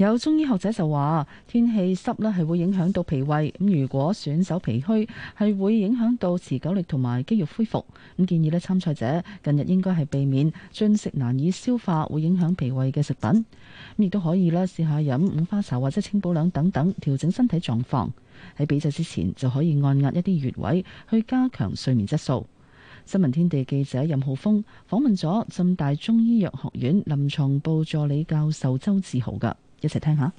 有中醫學者就話，天氣濕呢係會影響到脾胃咁。如果選手脾虛係會影響到持久力同埋肌肉恢復咁，建議咧參賽者近日應該係避免進食難以消化、會影響脾胃嘅食品，亦都可以啦試下飲五花茶或者清補涼等等，調整身體狀況。喺比賽之前就可以按壓一啲穴位去加強睡眠質素。新聞天地記者任浩峰訪問咗浸大中醫藥學院臨床部助理教授周志豪噶。一齊聽下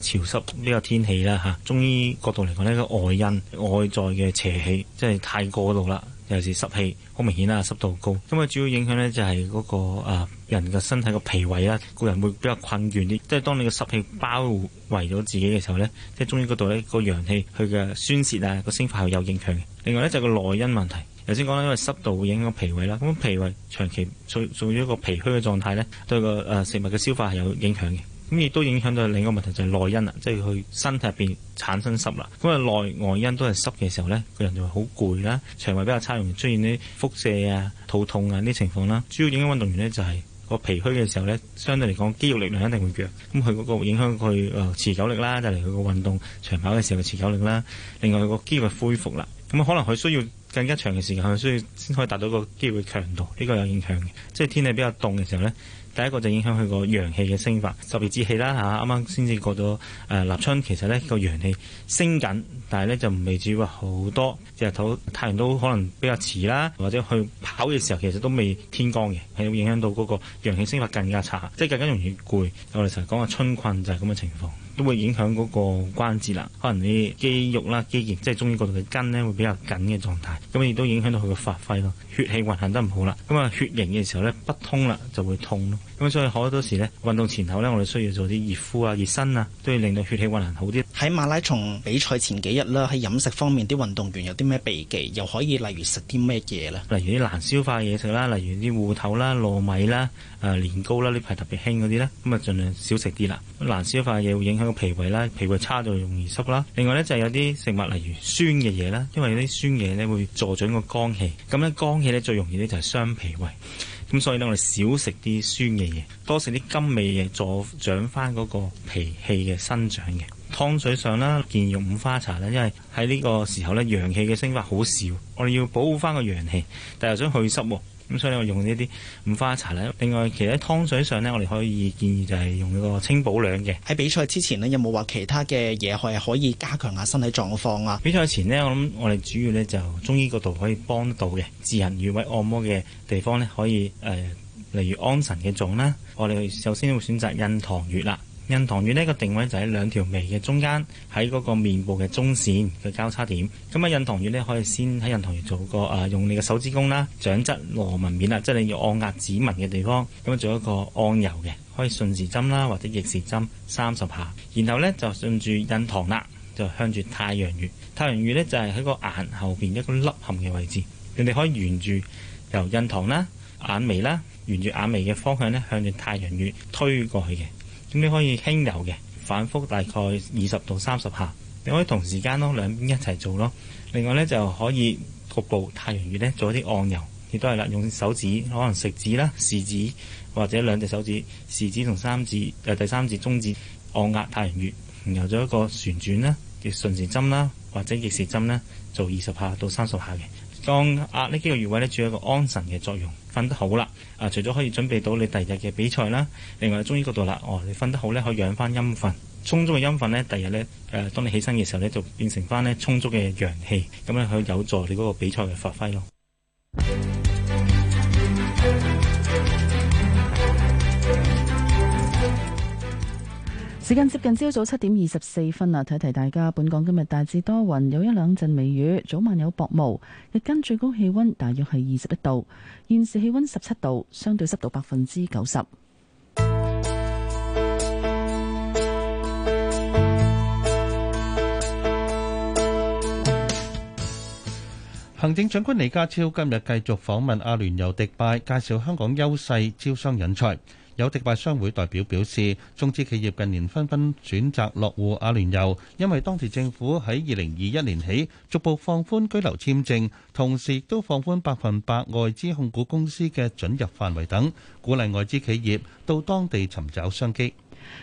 潮濕呢個天氣啦吓，中醫角度嚟講呢個外因外在嘅邪氣，即係太過度啦，尤其是濕氣好明顯啦，濕度高咁啊，主要影響呢、那個，就係嗰個誒人嘅身體個脾胃啦，個人會比較困倦啲。即係當你嘅濕氣包圍咗自己嘅時候呢，即係中醫嗰度呢個陽氣佢嘅宣泄啊個升化係有影響嘅。另外呢，就係個內因問題，頭先講啦，因為濕度會影響脾胃啦，咁脾胃長期屬於,屬於一個脾虛嘅狀態呢，對個誒食物嘅消化係有影響嘅。咁亦都影響到另一個問題就係內因啦，即係佢身體入邊產生濕啦。咁啊內外因都係濕嘅時候咧，個人就會好攰啦，腸胃比較差，容易出現啲腹瀉啊、肚痛啊呢情況啦。主要影響運動員呢，就係個脾虛嘅時候咧，相對嚟講肌肉力量一定會弱。咁佢嗰個影響佢誒持久力啦，就係佢個運動長跑嘅時候嘅持久力啦。另外個肌肉恢復啦，咁可能佢需要，更加長嘅時間，需要先可以達到個機會強度，呢個有影響嘅。即係天氣比較凍嘅時候呢，第一個就影響佢個陽氣嘅升發，十二節氣啦嚇。啱啱先至過咗立春，其實呢個陽氣升緊，但係呢就未至於話好多。日頭太陽都可能比較遲啦，或者去跑嘅時候其實都未天光嘅，係會影響到嗰個陽氣升發更加差，即係更加容易攰。我哋成日講話春困就係咁嘅情況。都會影響嗰個關節啦，可能你肌肉啦、肌腱，即係中醫嗰度嘅筋咧，會比較緊嘅狀態，咁亦都影響到佢嘅發揮咯。血氣運行得唔好啦，咁啊血凝嘅時候咧不通啦，就會痛咯。咁所以好多時咧，運動前後咧，我哋需要做啲熱敷啊、熱身啊，都要令到血氣運行好啲。喺馬拉松比賽前幾日啦，
喺飲食方面啲運動員有啲咩避忌？又可以例如，例如食啲咩嘢呢？
例如啲難消化嘅嘢食啦，例如啲芋頭啦、糯米啦、誒、啊、年糕啦，呢排特別興嗰啲咧，咁啊盡量少食啲啦。難消化嘅嘢會影響個脾胃啦，脾胃差就容易濕啦。另外呢，就係、是、有啲食物例如酸嘅嘢啦，因為有啲酸嘢呢會助長個肝氣，咁呢，肝氣呢最容易呢就係傷脾胃。咁所以呢，我哋少食啲酸嘅嘢，多食啲甘味嘢，助長翻嗰個脾氣嘅生長嘅湯水上啦，建議用五花茶咧，因為喺呢個時候呢，陽氣嘅升發好少，我哋要保護翻個陽氣，但係又想去濕。咁所以我用呢啲五花茶咧，另外其實喺湯水上呢，我哋可以建議就係用呢個清補涼嘅。喺比賽之前呢，有冇話其他嘅嘢係可以加強下身體狀況啊？比賽前呢，我諗我哋主要呢就中醫嗰度可以幫到嘅，自行穴位按摩嘅地方呢，可以誒、呃，例如安神嘅種啦，我哋首先會選擇印堂穴啦。印堂穴呢個定位就喺兩條眉嘅中間，喺嗰個面部嘅中線嘅交叉點。咁、嗯、啊，印堂穴呢，可以先喺印堂穴做個誒、啊，用你嘅手指公啦、掌側羅紋面啦，即係你要按壓指紋嘅地方，咁樣做一個按揉嘅，可以順時針啦，或者逆時針三十下。然後呢，就順住印堂啦，就向住太陽穴。太陽穴呢，就係喺個眼後邊一個凹陷嘅位置，你哋可以沿住由印堂啦、眼眉啦，沿住眼眉嘅方向呢，向住太陽穴推過去嘅。咁你可以輕柔嘅反覆大概二十到三十下。你可以同時間咯兩邊一齊做咯。另外呢，就可以局部太陽穴呢做一啲按揉，亦都係啦，用手指可能食指啦、食指或者兩隻手指、食指同三指誒，第三指中指，按壓太陽穴，然後做一個旋轉啦，逆順時針啦或者逆時針咧做二十下到三十下嘅。當壓呢幾個穴位呢，主要一個安神嘅作用，瞓得好啦。啊，除咗可以準備到你第二日嘅比賽啦，另外中醫嗰度啦，哦，你瞓得好呢，可以養翻陰分。充足嘅陰分呢，第二日呢，誒、呃，當你起身嘅時候呢，就變成翻呢充足嘅陽氣，咁樣可以有助你嗰個比賽嘅發揮咯。
時間接近朝早七點二十四分啊，提提大家，本港今日大致多雲，有一兩陣微雨，早晚有薄霧，日間最高氣溫大約係二十一度，現時氣溫十七度，相對濕度百分之九十。
行政長官李家超今日繼續訪問阿聯酋迪拜，介紹香港優勢，招商引才。有迪拜商會代表表示，中資企業近年紛紛選擇落戶阿聯酋，因為當地政府喺二零二一年起逐步放寬居留簽證，同時亦都放寬百分百外資控股公司嘅准入範圍等，鼓勵外資企業到當地尋找商機。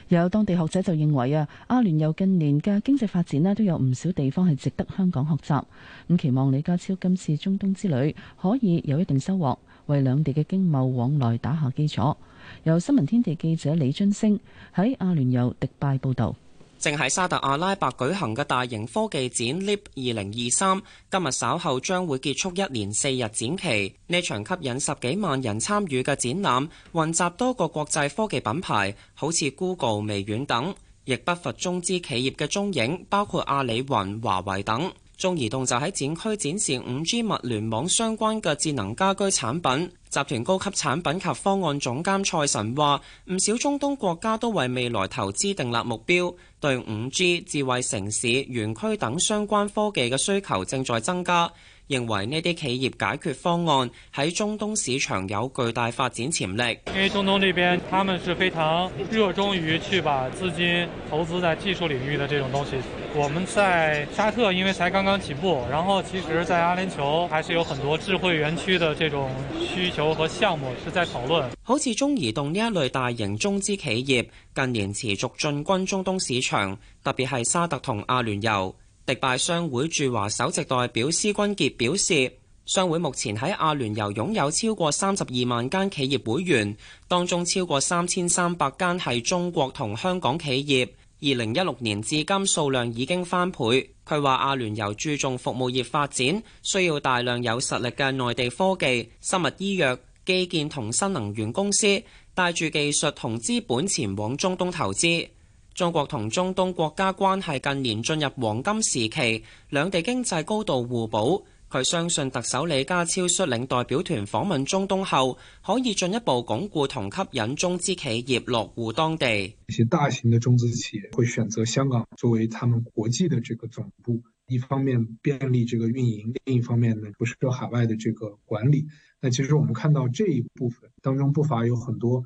有當地學者就認為啊，阿聯酋近年嘅經濟發展呢都有唔少地方係值得香港學習。咁期望李家超今次中東之旅可以有一定收穫，為兩地嘅經貿往來打下基礎。由新聞天地記者李津升喺阿聯酋迪拜報道，
正喺沙特阿拉伯舉行嘅大型科技展 Leap 二零二三，今日稍後將會結束一連四日展期。呢場吸引十幾萬人參與嘅展覽，雲集多個國際科技品牌，好似 Google、微軟等，亦不乏中資企業嘅蹤影，包括阿里雲、華為等。中移動就喺展區展示五 G 物聯網相關嘅智能家居產品。集團高級產品及方案總監蔡神話，唔少中東國家都為未來投資訂立目標對，對五 G 智慧城市、園區等相關科技嘅需求正在增加。認為呢啲企業解決方案喺中東市場有巨大發展潛力。因
為中東呢邊，他們是非常熱衷於
去把資金投資在技術領域的這種東西。我們在沙特因為才剛剛起步，然後其實在阿聯酋還是有很多智慧園區的這種需
求和項目是在討論。好似中移動呢一類大型中資企業近年持續進軍中東市場，特別係沙特同阿聯酋。迪拜商會駐華首席代表施君杰表示，商會目前喺阿聯酋擁有超過三十二萬間企業會員，當中超過三千三百間係中國同香港企業。二零一六年至今，數量已經翻倍。佢話阿聯酋注重服務業發展，需要大量有實力嘅內地科技、生物醫藥、基建同新能源公司，帶住技術同資本前往中東投資。中國同中東國家關係近年進入黃金時期，兩地經濟高度互補。佢相信特首李家超率領代表團訪問中東後，可以進一步鞏固同吸引中資企業落戶當地。
一些大型嘅中資企業會選擇香港作為他們國際的這個總部，一方面便利這個運營，另一方面呢，不是說海外的這個管理。那其實我們看到這一部分當中不乏有很多。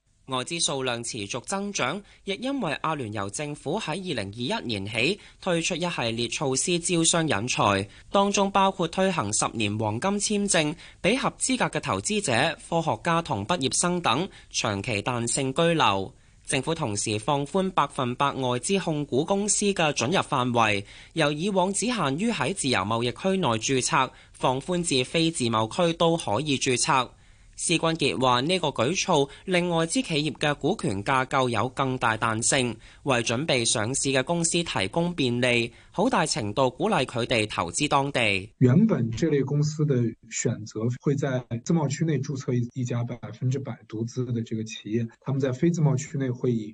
外資數量持續增長，亦因為阿聯酋政府喺二零二一年起推出一系列措施招商引才，當中包括推行十年黃金簽證，俾合資格嘅投資者、科學家同畢業生等長期彈性居留。政府同時放寬百分百外資控股公司嘅準入範圍，由以往只限於喺自由貿易區內註冊，放寬至非自貿區都可以註冊。施君杰話：呢個舉措令外資企業嘅股權架構有更大彈性，為準備上市嘅公司提供便利，好大程度鼓勵佢哋投資當地。
原本這類公司的選擇會在自貿區內註冊一一家百分之百獨資的這個企業，他們在非自貿區內會議。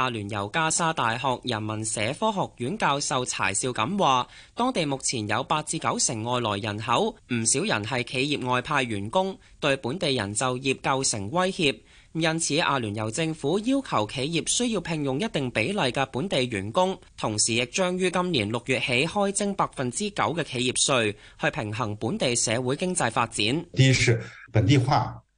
阿聯酋加沙大學人民社科學院教授柴少錦話，當地目前有八至九成外來人口，唔少人係企業外派員工，對本地人就業構成威脅。因此，阿聯酋政府要求企業需要聘用一定比例嘅本地員工，同時亦將於今年六月起開徵百分之九嘅企業稅，去平衡本地社會經濟發展。
第一是本地化。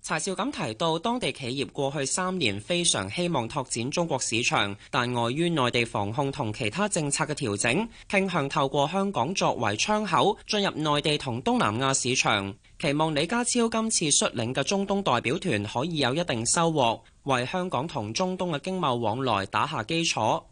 柴少錦提到，當地企業過去三年非常希望拓展中國市場，但礙於內地防控同其他政策嘅調整，傾向透過香港作為窗口進入內地同東南亞市場。期望李家超今次率領嘅中東代表團可以有一定收穫，為香港同中東嘅經貿往來打下基礎。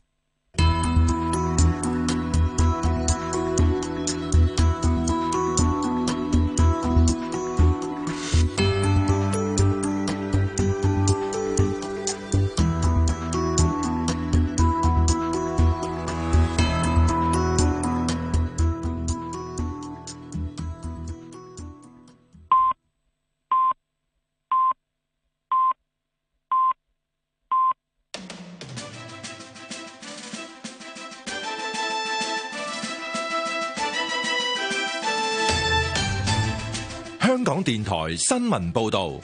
電台新聞報道，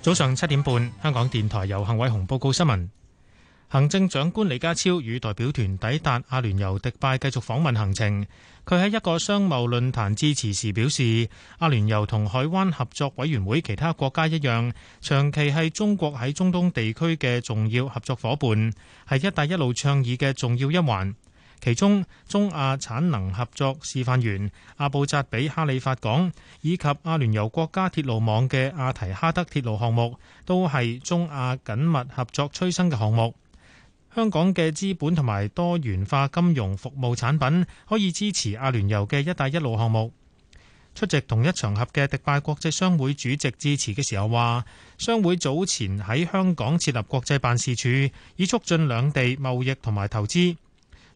早上七點半，香港電台由幸偉雄報告新聞。行政長官李家超與代表團抵達阿聯酋迪拜，繼續訪問行程。佢喺一個商貿論壇致辭時表示，阿聯酋同海灣合作委員會其他國家一樣，長期係中國喺中東地區嘅重要合作夥伴，係一帶一路倡議嘅重要一環。其中，中亞產能合作示範園阿布扎比哈利法港，以及阿聯酋國家鐵路網嘅阿提哈德鐵路項目，都係中亞緊密合作催生嘅項目。香港嘅資本同埋多元化金融服務產品，可以支持阿聯酋嘅「一帶一路」項目。出席同一場合嘅迪拜國際商會主席致辭嘅時候話，商會早前喺香港設立國際辦事處以促進兩地貿易同埋投資。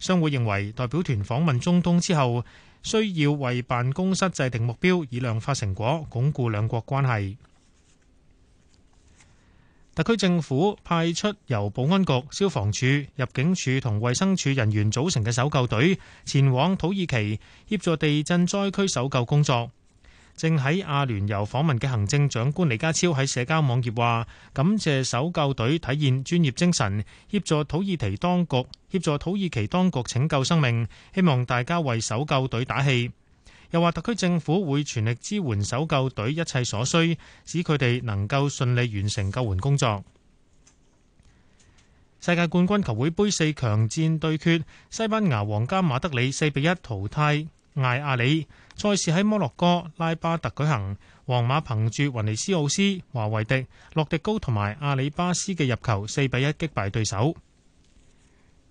商會認為，代表團訪問中東之後，需要為辦公室制定目標，以量化成果，鞏固兩國關係。特區政府派出由保安局、消防處、入境處同衛生署人員組成嘅搜救隊，前往土耳其協助地震災區搜救工作。正喺阿聯酋訪問嘅行政長官李家超喺社交網頁話，感謝搜救隊體現專業精神，協助土耳其當局，協助土耳其當局拯救生命，希望大家為搜救隊打氣。又話特區政府會全力支援搜救隊一切所需，使佢哋能夠順利完成救援工作。世界冠軍球會杯四強戰對決，西班牙皇家馬德里四比一淘汰艾阿里。賽事喺摩洛哥拉巴特舉行，皇馬憑住雲尼斯奧斯、華維迪、洛迪高同埋阿里巴斯嘅入球，四比一擊敗對手。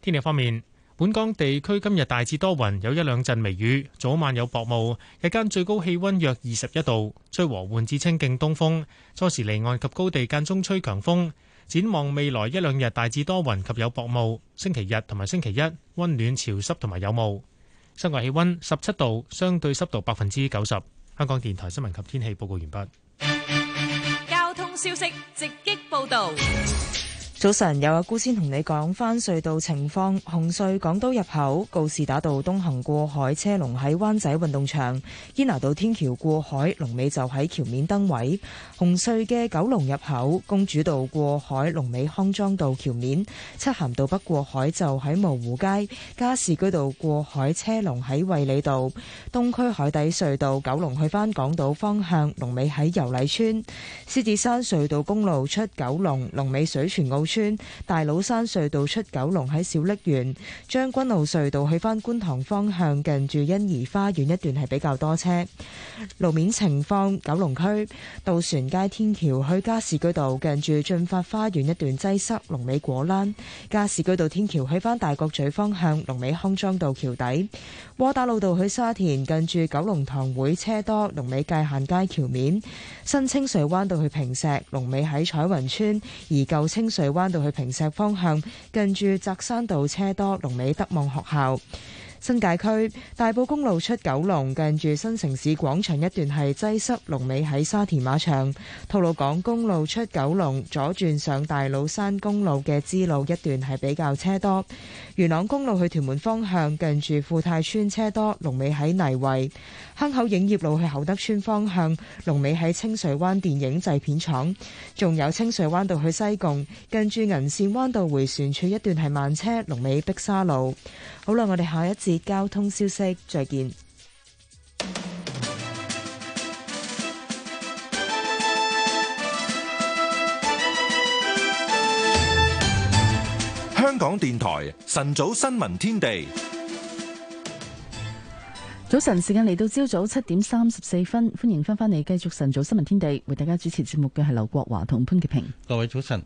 天氣方面，本港地區今日大致多雲，有一兩陣微雨，早晚有薄霧，日間最高氣溫約二十一度，吹和緩至清勁東風，初時離岸及高地間中吹強風。展望未來一兩日，大致多雲及有薄霧，星期日同埋星期一溫暖潮濕同埋有霧。室外氣溫十七度，相對濕度百分之九十。香港電台
新聞及天氣報告完畢。
交通消息直擊報道。
早晨，有阿姑先同你講返隧道情況，紅隧港島入口告士打道東行過海車龍喺灣仔運動場，堅拿道天橋過海龍尾就喺橋面燈位。紅隧嘅九龍入口公主道過海龍尾，康莊道橋面，漆鹹道北過海就喺蕪湖街，加士居道過海車龍喺衛理道。東區海底隧道九龍去返港島方向龍尾喺油麗邨，獅子山隧道公路出九龍龍尾，水泉澳村。大老山隧道出九龍喺小瀝源。將軍澳隧道去翻觀塘方向，近住欣怡花園一段係比較多車。路面情況九龍區，渡船街天橋去加士居道，近住駿發花園一段擠塞，龍尾果欄。加士居道天橋去翻大角咀方向，龍尾康莊道橋底。窩打老道去沙田，近住九龍塘會車多，龍尾界限街橋面。新清水灣道去坪石，龍尾喺彩雲村。而舊清水灣翻到去坪石方向，近住澤山道車多，龍尾德望學校。新界區大埔公路出九龍，近住新城市廣場一段係擠塞，龍尾喺沙田馬場。吐露港公路出九龍，左轉上大老山公路嘅支路一段係比較車多。元朗公路去屯門方向，近住富泰村車多，龍尾喺泥圍。坑口影業路去厚德村方向，龍尾喺清水灣電影製片廠，仲有清水灣道去西貢，近住銀線灣道回旋處一段係慢車，龍尾碧沙路。好啦，我哋下一節交通消息，再見。
香港電台晨早新聞天地。
早晨，時間嚟到朝早七點三十四分，歡迎翻返嚟繼續晨早新聞天地，為大家主持節目嘅係劉國華同潘潔平。
各位早晨，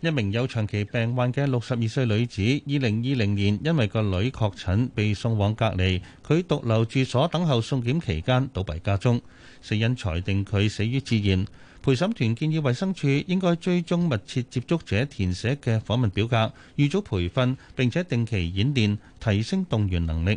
一名有長期病患嘅六十二歲女子，二零二零年因為個女確診，被送往隔離，佢獨留住所等候送檢期間，倒斃家中，死因裁定佢死於自然。陪審團建議衛生署應該追蹤密切接觸者填寫嘅訪問表格，預早培訓，並且定期演練，提升動員能力。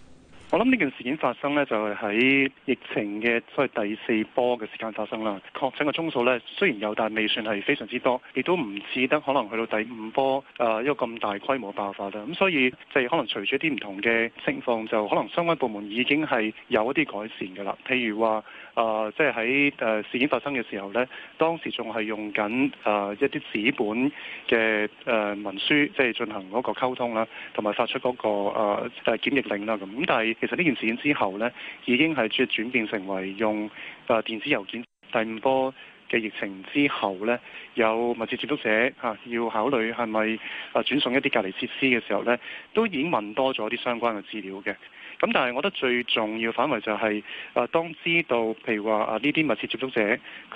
我諗呢件事件發生呢，就係、是、喺疫情嘅所謂第四波嘅時間發生啦。確診嘅宗數呢，雖然有，但未算係非常之多，亦都唔似得可能去到第五波誒、呃、一個咁大規模嘅爆發啦。咁所以即係、就是、可能隨住一啲唔同嘅情況，就可能相關部門已經係有一啲改善㗎啦。譬如話。啊，uh, 即係喺誒事件發生嘅時候呢，當時仲係用緊啊、呃、一啲紙本嘅誒、呃、文書，即係進行嗰個溝通啦、啊，同埋發出嗰、那個誒、呃、檢疫令啦、啊、咁。咁但係其實呢件事件之後呢，已經係轉變成為用誒電子郵件。第五波嘅疫情之後呢，有密切接觸者嚇、啊，要考慮係咪啊轉送一啲隔離設施嘅時候呢，都已經問多咗啲相關嘅資料嘅。咁但係，我覺得最重要反為就係、是，誒、呃、當知道，譬如話啊，呢啲密切接觸者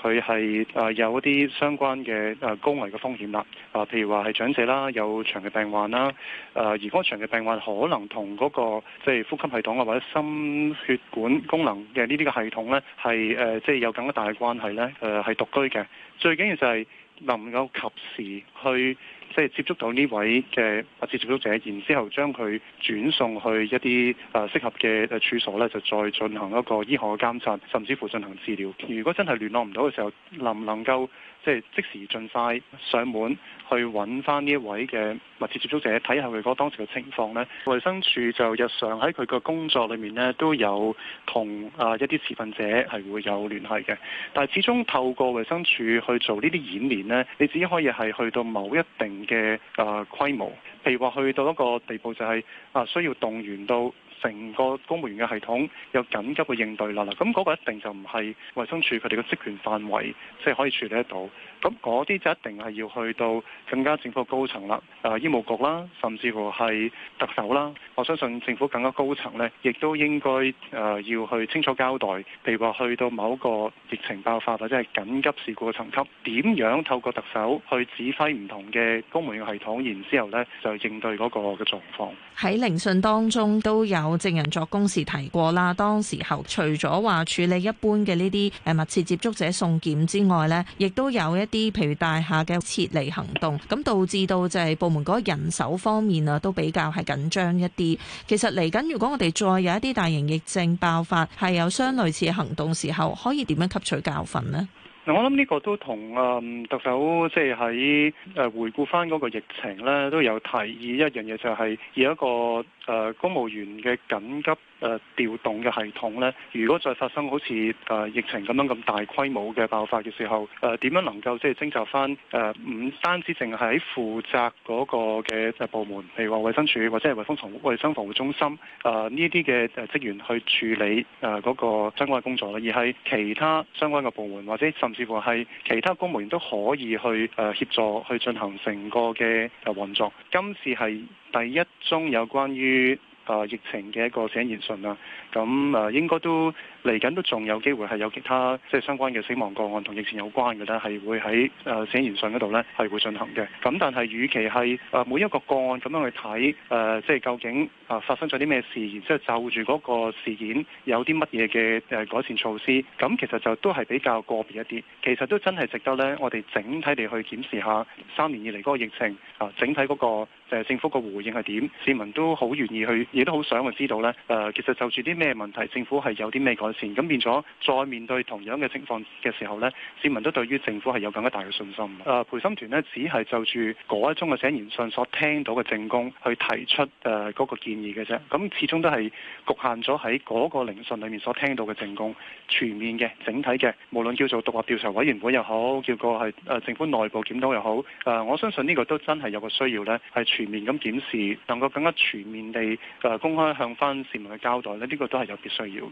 佢係誒有一啲相關嘅誒、呃、高危嘅風險啦。啊、呃，譬如話係長者啦，有長期病患啦，誒、呃、而嗰長期病患可能同嗰、那個即係呼吸系統啊或者心血管功能嘅呢啲嘅系統咧，係誒、呃、即係有更加大嘅關係咧。誒、呃、係獨居嘅，最緊要就係能夠及時去。即係接觸到呢位嘅密切接觸者，然之後將佢轉送去一啲誒適合嘅誒處所咧，就再進行一個醫學嘅監察，甚至乎進行治療。如果真係聯絡唔到嘅時候，能唔能夠即係即時盡快上門去揾翻呢一位嘅密切接觸者，睇下佢嗰當時嘅情況呢？衞生署就日常喺佢嘅工作裏面呢，都有同啊一啲持份者係會有聯繫嘅。但係始終透過衞生署去做呢啲演練呢，你只可以係去到某一定。嘅誒規模，譬如話去到一個地步，就係啊需要動員到。成個公務員嘅系統有緊急嘅應對啦，咁、那、嗰個一定就唔係衛生署佢哋嘅職權範圍，即係可以處理得到。咁嗰啲就一定係要去到更加政府嘅高層啦，誒、呃、醫務局啦，甚至乎係特首啦。我相信政府更加高層咧，亦都應該誒、呃、要去清楚交代，譬如話去到某一個疫情爆發或者係緊急事故嘅層級，點樣透過特首去指揮唔同嘅公務員嘅系統，然之後咧就應對嗰個嘅狀況。
喺
聆訊當中都有。證人作供時提過啦，當時候除咗話處理一般嘅呢啲誒密切接觸者送檢之外呢，亦都有一啲譬如大廈嘅撤離行動，咁導致到就係部門嗰個人手方面啊，都比較係緊張一啲。其實嚟緊如果我哋再有一啲大型疫症爆發，係有相類似行動時候，可以點樣吸取教訓呢？
我諗呢個都同啊、嗯、特首即係喺誒回顧返嗰個疫情咧，都有提議一樣嘢，就係、是、有一個誒、呃、公務員嘅緊急誒、啊、調動嘅系統咧，如果再發生好似誒、啊、疫情咁樣咁大規模嘅爆發嘅時候，誒、啊、點樣能夠即係徵集翻誒唔單止淨係喺負責嗰個嘅部門，譬如話衞生署或者係衞生防衞生防護中心誒呢啲嘅職員去處理誒嗰、啊那個相關嘅工作咧，而係其他相關嘅部門或者甚至乎係其他公務員都可以去誒協助去進行成個嘅誒運作。今次係第一宗有關於。啊！疫情嘅一個寫言信啦、啊，咁啊應該都。嚟緊都仲有機會係有其他即係相關嘅死亡個案同疫情有關嘅呢，係會喺誒死因研訊嗰度呢係會進行嘅。咁但係與其係誒、呃、每一個個案咁樣去睇誒、呃，即係究竟啊、呃、發生咗啲咩事，然之後就住嗰個事件有啲乜嘢嘅誒改善措施，咁其實就都係比較個別一啲。其實都真係值得呢。我哋整體地去檢視下三年以嚟嗰個疫情啊、呃，整體嗰、嗰個、呃、政府個回應係點？市民都好願意去，亦都好想去知道呢。誒、呃，其實就住啲咩問題，政府係有啲咩改善？咁變咗，再面對同樣嘅情況嘅時候呢，市民都對於政府係有更加大嘅信心。誒、呃，陪審團呢，只係就住嗰一宗嘅寫言信所聽到嘅證供去提出誒嗰、呃那個建議嘅啫。咁、嗯、始終都係局限咗喺嗰個聆訊裡面所聽到嘅證供。全面嘅整體嘅，無論叫做獨立調查委員會又好，叫個係政府內部檢討又好。誒、呃，我相信呢個都真係有個需要呢，係全面咁檢視，能夠更加全面地誒公開向翻市民去交代咧，呢、這個都係有必需要。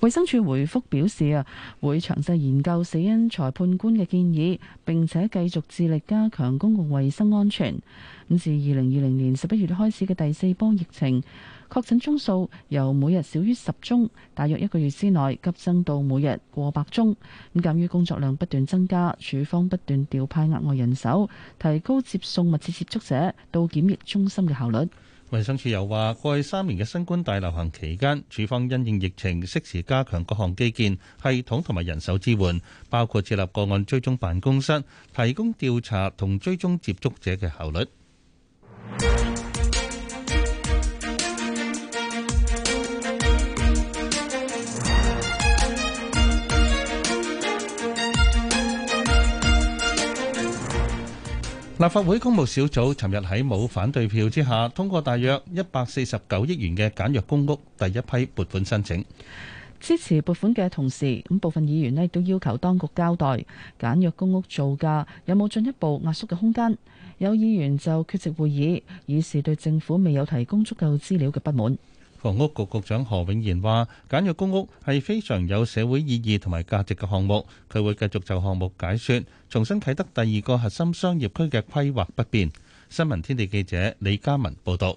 衛生署回覆表示啊，會詳細研究死因裁判官嘅建議，並且繼續致力加強公共衛生安全。咁自二零二零年十一月開始嘅第四波疫情，確診宗數由每日少於十宗，大約一個月之內急增到每日過百宗。咁鑒於工作量不斷增加，署方不斷調派額外人手，提高接送密切接觸者到檢疫中心嘅效率。
衛生署又話，過去三年嘅新冠大流行期間，處方因應疫情，適時加強各項基建、系統同埋人手支援，包括設立個案追蹤辦公室，提供調查同追蹤接觸者嘅效率。立法會公務小組尋日喺冇反對票之下通過大約一百四十九億元嘅簡約公屋第一批撥款申請。
支持撥款嘅同時，咁部分議員呢都要求當局交代簡約公屋造價有冇進一步壓縮嘅空間。有議員就缺席會議，以示對政府未有提供足夠資料嘅不滿。
房屋局局長何永賢話：簡約公屋係非常有社會意義同埋價值嘅項目，佢會繼續就項目解說，重新啟德第二個核心商業區嘅規劃不變。新聞天地記者李嘉文報道。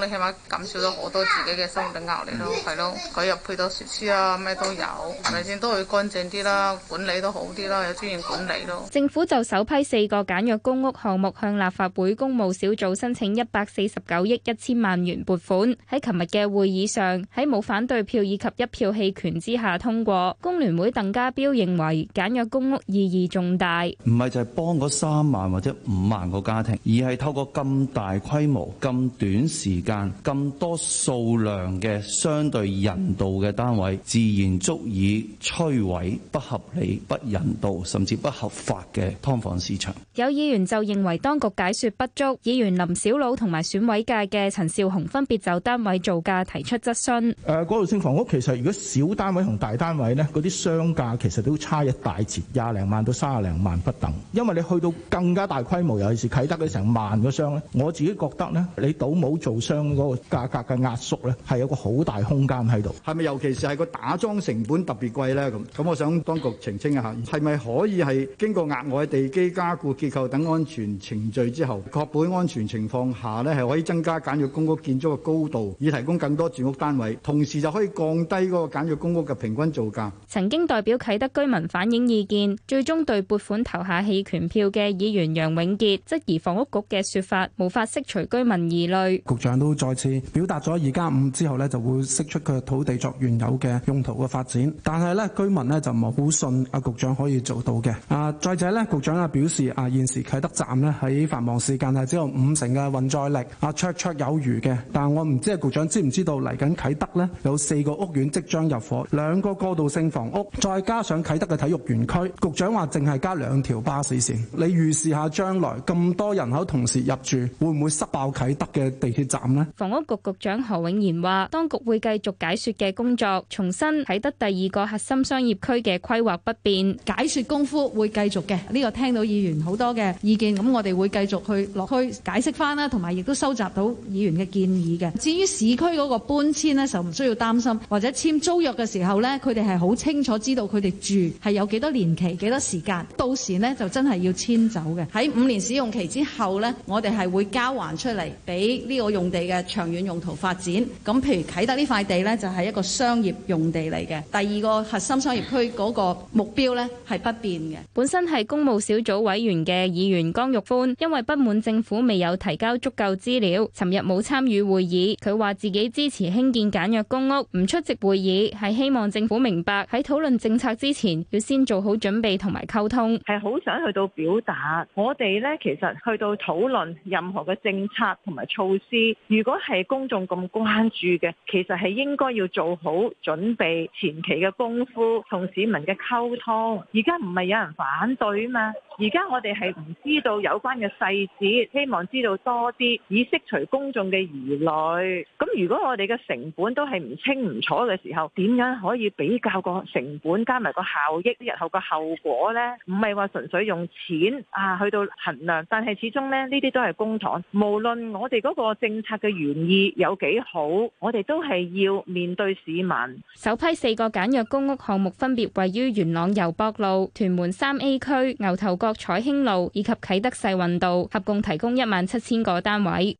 你起碼減少
咗好多自己嘅生活嘅壓
力咯，係咯，佢又配套設施啊，咩都有，係咪先都會乾淨啲啦，管理都好啲啦，有專業管理咯。
政府就首批四個簡約公屋項目向立法會公務小組申請一百四十九億一千萬元撥款，喺琴日嘅會議上，喺冇反對票以及一票棄權之下通過。工聯會鄧家彪認為簡約公屋意義重大，
唔係就
係幫嗰三萬或者五萬個家庭，而係透過咁大規模、咁短
時間咁多數量嘅相對人道嘅單位，自然
足以摧毀不合理、不人道甚至不合法嘅劏房市場。
有議員就認為當局解說不足，議員林筱魯同埋選委界嘅陳紹雄分別就單位造價提出質詢。
誒，過渡性房屋其實如果小單位同大單位呢嗰啲商價其實都差一大截，廿零萬到卅零萬不等。因為你去到更加大規模，尤其是啟德嘅成萬個商咧，我自己覺得咧，你倒冇做商。將嗰個價格嘅壓縮咧，係有個好大空間喺度。係咪尤其是係個打樁成本特別貴咧？咁咁，我想當局澄清一下，係咪可以係經過額外地基加固結構等安全程序之後，確保安全情況下咧，係可以增加簡約公屋建築嘅高度，以提供更多住屋單位，同時就可以降低嗰個簡約公屋嘅平均造價。
曾經代表啟德居民反映意見，最終對撥款投下棄權票嘅議員楊永傑質疑房屋局嘅說法，無法釋除居民疑慮。局
長。都再次表達咗，二加五之後呢就會釋出佢土地作原有嘅用途嘅發展，但係呢，居民呢就唔係好信阿局長可以做到嘅。啊，再者呢，局長啊表示啊，現時啟德站呢喺繁忙時間係只有五成嘅運載力，啊，綽綽有餘嘅。但我唔知阿局長知唔知道嚟緊啟德呢有四個屋苑即將入伙，兩個過渡性房屋，再加上啟德嘅體育園區。局長話淨係加兩條巴士線，你預示下將來咁多人口同時入住，會唔會塞爆啟德嘅地鐵站？
房屋局局長何永賢話，當局會繼續解說嘅工作，重新睇得第二個核心商業區嘅規劃不變，解說功夫會繼續嘅。呢個聽到議員好多嘅意見，咁我哋會繼續去落區解釋翻啦，同埋亦都收集到議員
嘅
建議嘅。至於市區嗰個搬遷呢，就唔需要擔心，或者簽租約嘅時候呢，佢哋係好清楚知道佢哋住係有幾多年期、幾多時間，到時呢就真係要遷走嘅。喺五年使用期之後呢，我哋係會交還出嚟俾呢個用地。嘅長遠用途發展，咁譬如啟德呢塊地咧，就係一個商業用地嚟嘅。第二個核心商業區嗰個目標咧，係不變嘅。
本身係公務小組委員嘅議員江玉歡，因為不滿政府未有提交足夠資料，尋日冇參與會議，佢話自己支持興建簡約公屋，唔出席會議，係希望政府明白喺討論政策之前，要先做好準備同埋溝通。係好想去到表達，我哋咧其實去到討論任何嘅政策同埋措施。如
果係公眾咁關注嘅，其實係應該要做好準備前期
嘅功夫，同市民嘅溝通。而家唔係有人反對啊嘛？而家我哋係唔知道有關嘅細節，希望知道多啲，以釋除公眾嘅疑
慮。咁如果我哋嘅成本都係唔清唔楚嘅時候，點樣可以比較個成本加埋個效益，日後個後果咧？唔係話純粹用錢啊去到衡量，但係始終咧呢啲都係公堂，無論我哋嗰個政策嘅
原意有幾好，我哋都係要面對市民。
首批四個簡約公屋項目分別位於元朗油博路、屯門三 A 區、牛頭角。國彩興路以及啟德世運道，合共提供一萬七千個單位。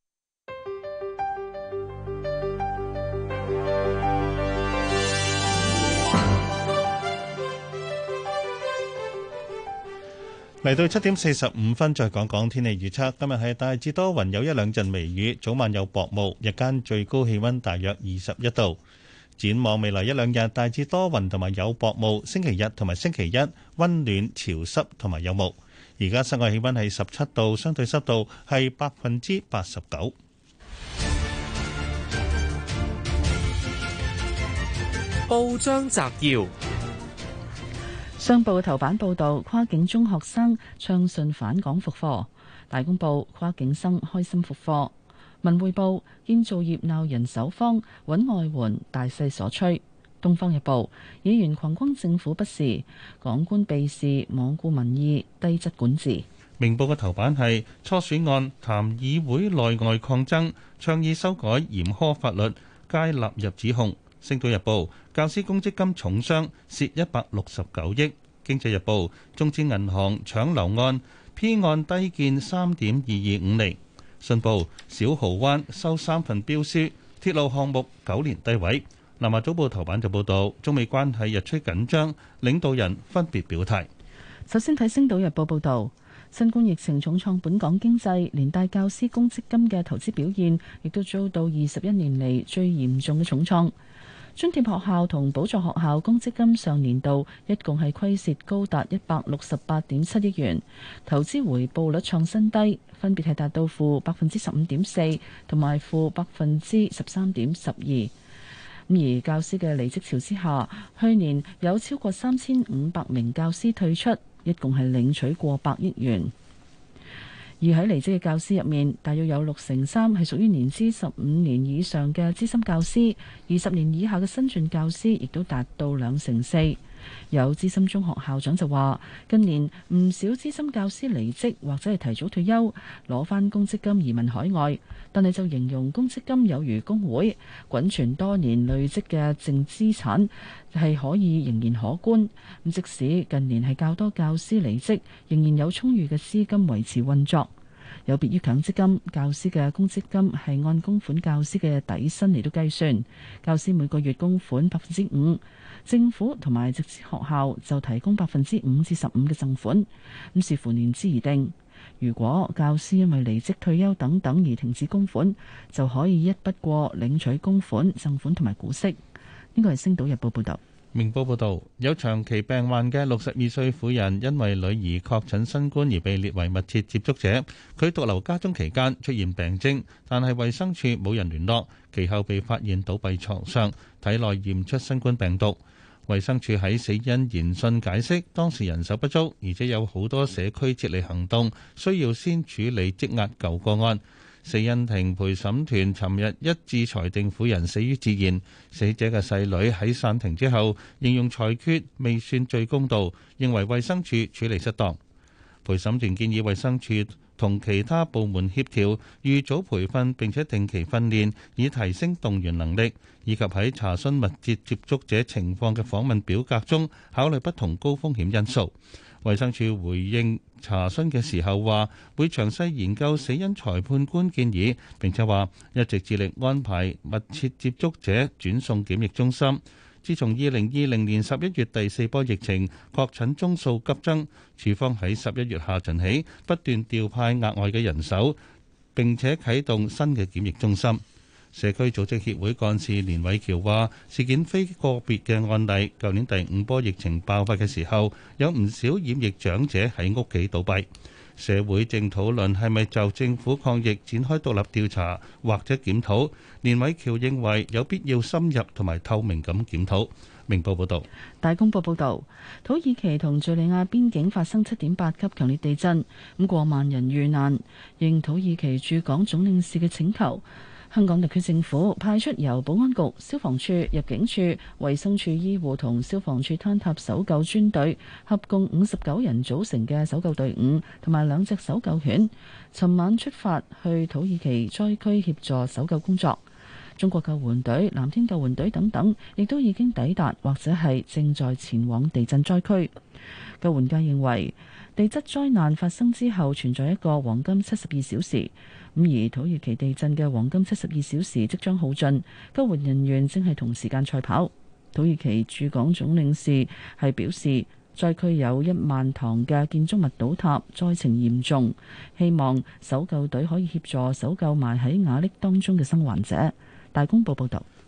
嚟到七點四十五分，再講講天氣預測。今日係大致多雲，有一兩陣微雨，早晚有薄霧，日間最高氣溫大約二十一度。展望未來一兩日，大致多雲同埋有薄霧。星期日同埋星期一，温暖潮濕同埋有霧。而家室外氣溫係十七度，相對濕度係百分之八十九。
報章摘要：商報嘅頭版報導，跨境中學生暢順返港復課，大公報跨境生開心復課。文匯報：建造業鬧人手荒，揾外援，大勢所趨。東方日報：議員狂轟政府不是，港官避事，罔顧民意，低質管治。
明報嘅頭版係初選案，談議會內外抗爭，倡議修改嚴苛法律，皆納入指控。星島日報：教師公積金重傷，蝕一百六十九億。經濟日報：中資銀行搶樓案，P 按低見三點二二五厘。信報，小蠔灣收三份標書，鐵路項目九年低位。南華早報頭版就報道，中美關係日趨緊張，領導人分別表態。
首先睇《星島日報》報道，新冠疫情重創本港經濟，連帶教師公積金嘅投資表現，亦都遭到二十一年嚟最嚴重嘅重創。津貼學校同補助學校公積金上年度一共係虧蝕高達一百六十八點七億元，投資回報率創新低，分別係達到負百分之十五點四同埋負百分之十三點十二。咁而教師嘅離職潮之下，去年有超過三千五百名教師退出，一共係領取過百億元。而喺離職嘅教師入面，大約有六成三係屬於年資十五年以上嘅資深教師，二十年以下嘅新進教師亦都達到兩成四。有資深中學校長就話：近年唔少資深教師離職或者係提早退休，攞翻公積金移民海外。但係就形容公積金有如公會滾存多年累積嘅淨資產係可以仍然可觀。咁即使近年係較多教師離職，仍然有充裕嘅資金維持運作。有別於強積金，教師嘅公積金係按公款教師嘅底薪嚟到計算，教師每個月供款百分之五。政府同埋直資學校就提供百分之五至十五嘅贈款，咁視乎年資而定。如果教師因為離職、退休等等而停止供款，就可以一筆過領取供款、贈款同埋股息。呢個係《星島日報》報導。《明報》
報導有長期病患嘅六十二歲婦人，因為女兒確診新冠而被列為密切接觸者。佢獨留家中期間出現病徵，但係衞生署冇人聯絡。其後被發現倒斃牀上，體內驗出新冠病毒。衛生署喺死因研訊解釋，當時人手不足，而且有好多社區撤離行動，需要先處理積壓舊個案。死因庭陪審團尋日一致裁定婦人死於自然。死者嘅細女喺散庭之後，形容裁決未算最公道，認為衛生署處，處理失當。陪審團建議衛生署，同其他部門協調，預早培訓並且定期訓練，以提升動員能力，以及喺查詢密切接觸者情況嘅訪問表格中考慮不同高風險因素。衛生署回應查詢嘅時候話，會詳細研究死因裁判官建議，並且話一直致力安排密切接觸者轉送檢疫中心。自從二零二零年十一月第四波疫情確診宗數急增，署方喺十一月下旬起不斷調派額外嘅人手，並且啟動新嘅檢疫中心。社區組織協會幹事連瑋翹話：事件非個別嘅案例，舊年第五波疫情爆發嘅時候，有唔少染疫長者喺屋企倒斃。社會正討論係咪就政府抗疫展開獨立調查或者檢討？連偉橋認為有必要深入同埋透明咁檢討。明報報道，
大公報報道，土耳其同敘利亞邊境發生七點八級強烈地震，咁過萬人遇難。應土耳其駐港總領事嘅請求。香港特區政府派出由保安局、消防處、入境處、衛生署醫護同消防處坍塌搜救專隊，合共五十九人組成嘅搜救隊伍，同埋兩隻搜救犬，尋晚出發去土耳其災區協助搜救工作。中國救援隊、藍天救援隊等等，亦都已經抵達或者係正在前往地震災區。救援界認為，地質災難發生之後存在一個黃金七十二小時。咁而土耳其地震嘅黃金七十二小時即將耗盡，救援人員正係同時間賽跑。土耳其駐港總領事係表示，災區有一萬幢嘅建築物倒塌，災情嚴重，希望搜救隊可以協助搜救埋喺瓦礫當中嘅生還者。大公報報道。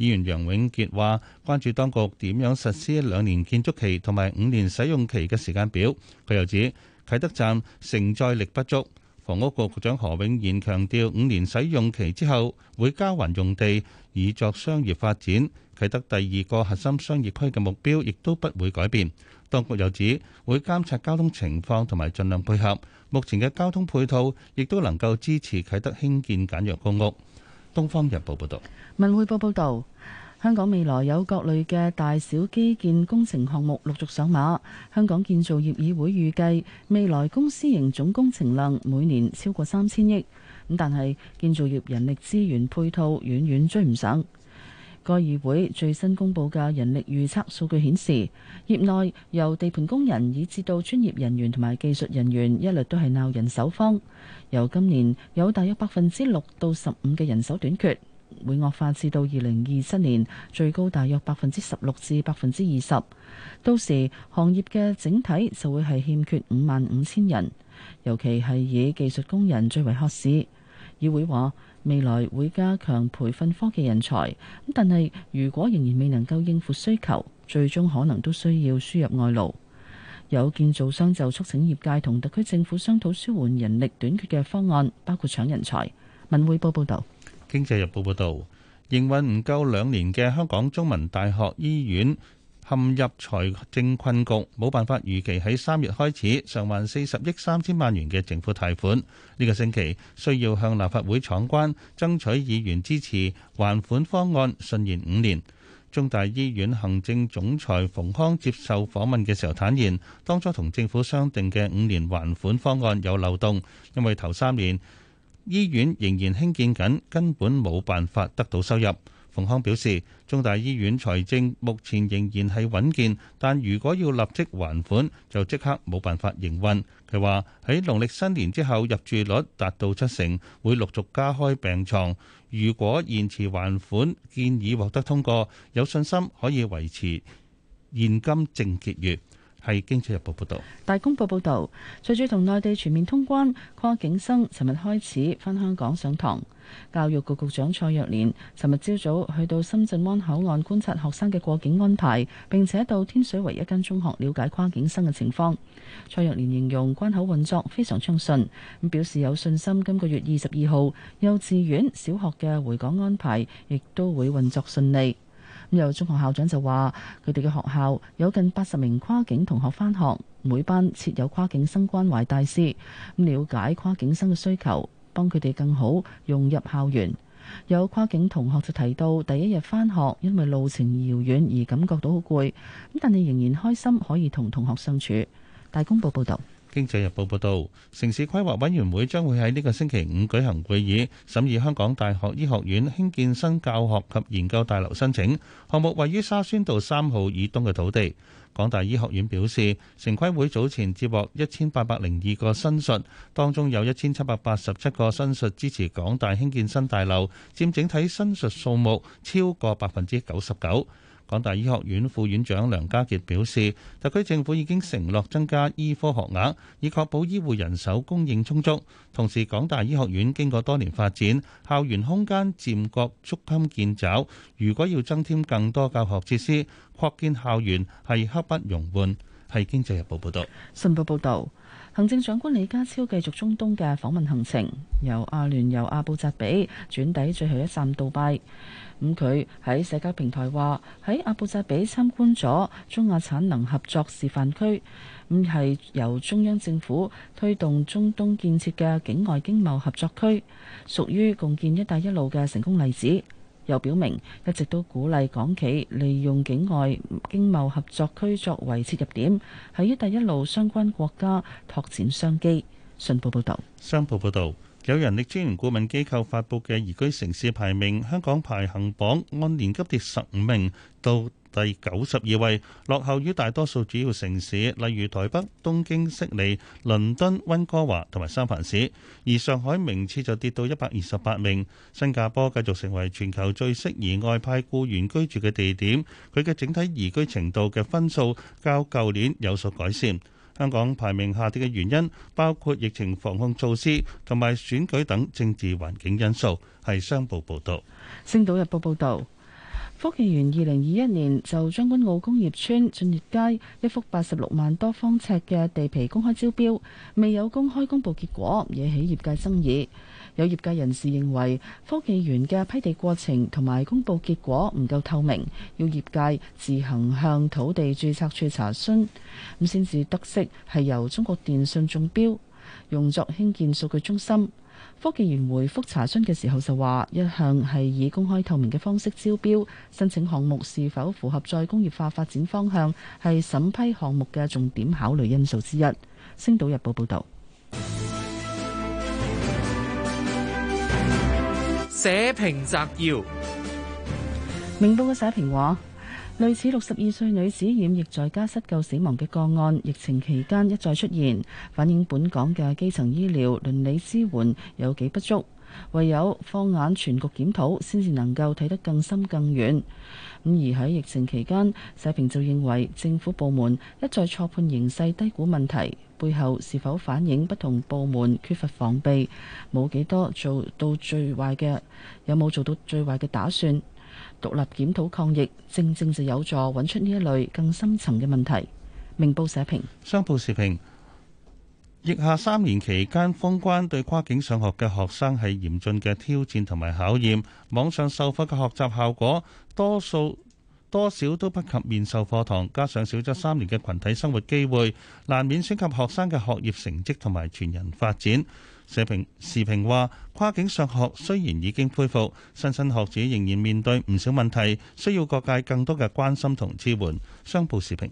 議員楊永傑話：關注當局點樣實施兩年建築期同埋五年使用期嘅時間表。佢又指啟德站承載力不足。房屋局局長何永賢強調，五年使用期之後會交還用地以作商業發展。啟德第二個核心商業區嘅目標亦都不會改變。當局又指會監察交通情況同埋盡量配合。目前嘅交通配套亦都能夠支持啟德興建簡約公屋。東方日報報道，
文匯報報道，香港未來有各類嘅大小基建工程項目陸續上馬。香港建造業議會預計，未來公私營總工程量每年超過三千億。咁但係，建造業人力資源配套遠遠追唔上。該議會最新公佈嘅人力預測數據顯示，業內由地盤工人以至到專業人員同埋技術人員，一律都係鬧人手荒。由今年有大約百分之六到十五嘅人手短缺，會惡化至到二零二七年，最高大約百分之十六至百分之二十。到時行業嘅整體就會係欠缺五萬五千人，尤其係以技術工人最為渴市。議會話。未來會加強培訓科技人才，但係如果仍然未能夠應付需求，最終可能都需要輸入外勞。有建造商就促請業界同特區政府商討舒緩人力短缺嘅方案，包括搶人才。文匯報報道，
《經濟日報》報道，營運唔夠兩年嘅香港中文大學醫院，陷入財政困局，冇辦法如期喺三月開始償還四十億三千萬元嘅政府貸款。呢、這個星期需要向立法會闖關，爭取議員支持還款方案，順延五年。中大醫院行政總裁馮康接受訪問嘅時候坦言，當初同政府商定嘅五年還款方案有漏洞，因為頭三年醫院仍然興建緊，根本冇辦法得到收入。馮康表示，中大醫院財政目前仍然係穩健，但如果要立即還款，就即刻冇辦法營運。佢話喺農曆新年之後入住率達到七成，會陸續加開病床。如果延遲還款，建議獲得通過，有信心可以維持現金淨結餘。係《經濟日報》報道，
大公報報道，隨住同內地全面通關，跨境生尋日開始返香港上堂。教育局局長蔡若蓮尋日朝早去到深圳灣口岸觀察學生嘅過境安排，並且到天水圍一間中學了解跨境生嘅情況。蔡若蓮形容關口運作非常暢順，咁表示有信心今個月二十二號幼稚園、小學嘅回港安排亦都會運作順利。咁有中學校長就話，佢哋嘅學校有近八十名跨境同學翻學，每班設有跨境生關懷大使，咁了解跨境生嘅需求。幫佢哋更好融入校園。有跨境同學就提到，第一日返學因為路程遙遠而感覺到好攰，咁但你仍然開心可以同同學相處。大公報報道，
《經濟日報》報道，城市規劃委員會將會喺呢個星期五舉行會議，審議香港大學醫學院興建新教學及研究大樓申請。項目位於沙宣道三號以東嘅土地。港大醫學院表示，城規會早前接獲一千八百零二個申述，當中有一千七百八十七個申述支持港大興建新大樓，佔整體申述數目超過百分之九十九。港大醫學院副院長梁家杰表示，特區政府已經承諾增加醫科學額，以確保醫護人手供應充足。同時，港大醫學院經過多年發展，校園空間漸覺捉襟見肘。如果要增添更多教學設施、擴建校園，係刻不容緩。係
《經濟日報》報道，信報報道。行政長官李家超繼續中東嘅訪問行程，由阿聯由阿布扎比轉抵最後一站杜拜。咁佢喺社交平台話，喺阿布扎比參觀咗中亞產能合作示範區，咁、嗯、係由中央政府推動中東建設嘅境外經貿合作區，屬於共建一帶一路嘅成功例子。又表明一直都鼓勵港企利用境外經貿合作區作為切入點，喺一帶一路相關國家拓展商機。信報報道。商報報導。
有人力資源顧問機構發佈嘅宜居城市排名，香港排行榜按年急跌十五名到第九十二位，落後於大多數主要城市，例如台北、東京、悉尼、倫敦、溫哥華同埋三藩市。而上海名次就跌到一百二十八名。新加坡繼續成為全球最適宜外派僱員居住嘅地點，佢嘅整體宜居程度嘅分數較舊年有所改善。香港排名下跌嘅原因包括疫情防控措施同埋選舉等政治環境因素，係商報報道。
星島日報報道，科技園二零二一年就將軍澳工業村駿業街一幅八十六萬多方尺嘅地皮公開招標，未有公開公布結果，惹起業界爭議。有業界人士認為科技園嘅批地過程同埋公佈結果唔夠透明，要業界自行向土地註冊處查詢。咁先至得悉係由中國電信中標，用作興建數據中心。科技園回覆查詢嘅時候就話，一向係以公開透明嘅方式招標，申請項目是否符合再工業化發展方向係審批項目嘅重點考慮因素之一。星島日報報導。
社評摘
要：明報嘅社評話，類似六十二歲女子染疫在家失救死亡嘅個案，疫情期間一再出現，反映本港嘅基層醫療、倫理支援有幾不足。唯有放眼全局檢討，先至能夠睇得更深更遠。咁而喺疫情期間，社評就認為政府部門一再錯判形勢，低估問題。背後是否反映不同部門缺乏防備，冇幾多做到最壞嘅，有冇做到最壞嘅打算？獨立檢討抗疫，正正就有助揾出呢一類更深層嘅問題。明報社評。
商報時評，疫下三年期間封關，對跨境上學嘅學生係嚴峻嘅挑戰同埋考驗。網上授課嘅學習效果，多數。多少都不及面授課堂，加上少咗三年嘅群體生活機會，難免涉及學生嘅學業成績同埋全人發展。社評時評話，跨境上學雖然已經恢復，新生學子仍然面對唔少問題，需要各界更多嘅關心同支援。商報時評。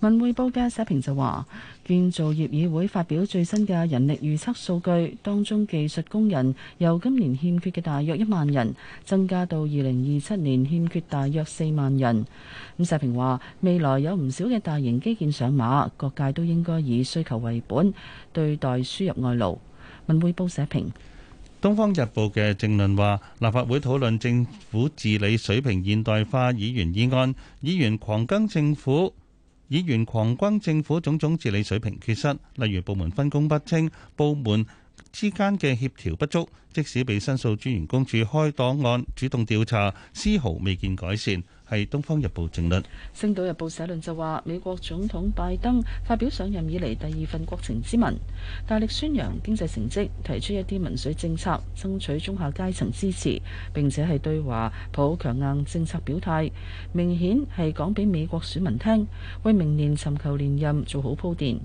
文匯報嘅社評就話，建造業議會發表最新嘅人力預測數據，當中技術工人由今年欠缺嘅大約一萬人增加到二零二七年欠缺大約四萬人。咁社評話，未來有唔少嘅大型基建上馬，各界都應該以需求為本對待輸入外勞。文匯報社評，
東方日報嘅正論話，立法會討論政府治理水平現代化議員議案，議員狂更政府。議員狂轟政府種種治理水平缺失，例如部門分工不清、部門之間嘅協調不足，即使被申訴專員公署開檔案主動調查，絲毫未見改善。係《東方日報》政論，
《星島日報》社論就話：美國總統拜登發表上任以嚟第二份國情咨文，大力宣揚經濟成績，提出一啲民粹政策，爭取中下階層支持，並且係對華抱強硬政策表態，明顯係講俾美國選民聽，為明年尋求連任做好鋪墊。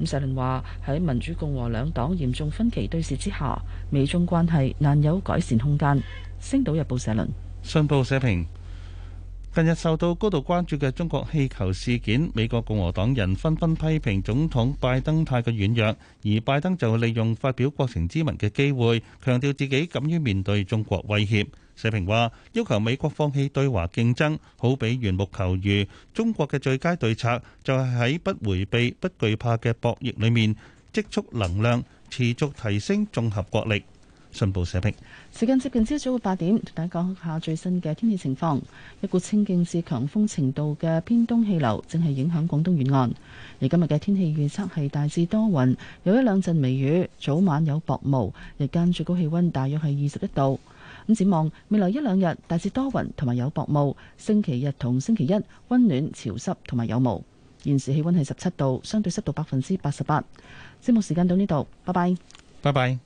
咁社論話喺民主共和兩黨嚴重分歧對峙之下，美中關係難有改善空間。《星島日報》社論，
信報社評。近日受到高度關注嘅中國氣球事件，美國共和黨人紛紛批評總統拜登太過軟弱，而拜登就利用發表國情咨文嘅機會，強調自己敢於面對中國威脅。社評話：要求美國放棄對華競爭，好比緣木求魚。中國嘅最佳對策就係喺不迴避、不懼怕嘅博弈裏面積蓄能量，持續提升綜合國力。信報社評，
時間接近朝早嘅八點，同大家講下最新嘅天氣情況。一股清勁至強風程度嘅偏東氣流正係影響廣東沿岸。而今日嘅天氣預測係大致多雲，有一兩陣微雨，早晚有薄霧，日間最高氣溫大約係二十一度。咁展望未來一兩日大致多雲同埋有薄霧，星期日同星期一溫暖潮濕同埋有霧。現時氣溫係十七度，相對濕度百分之八十八。節目時間到呢度，拜拜，
拜拜。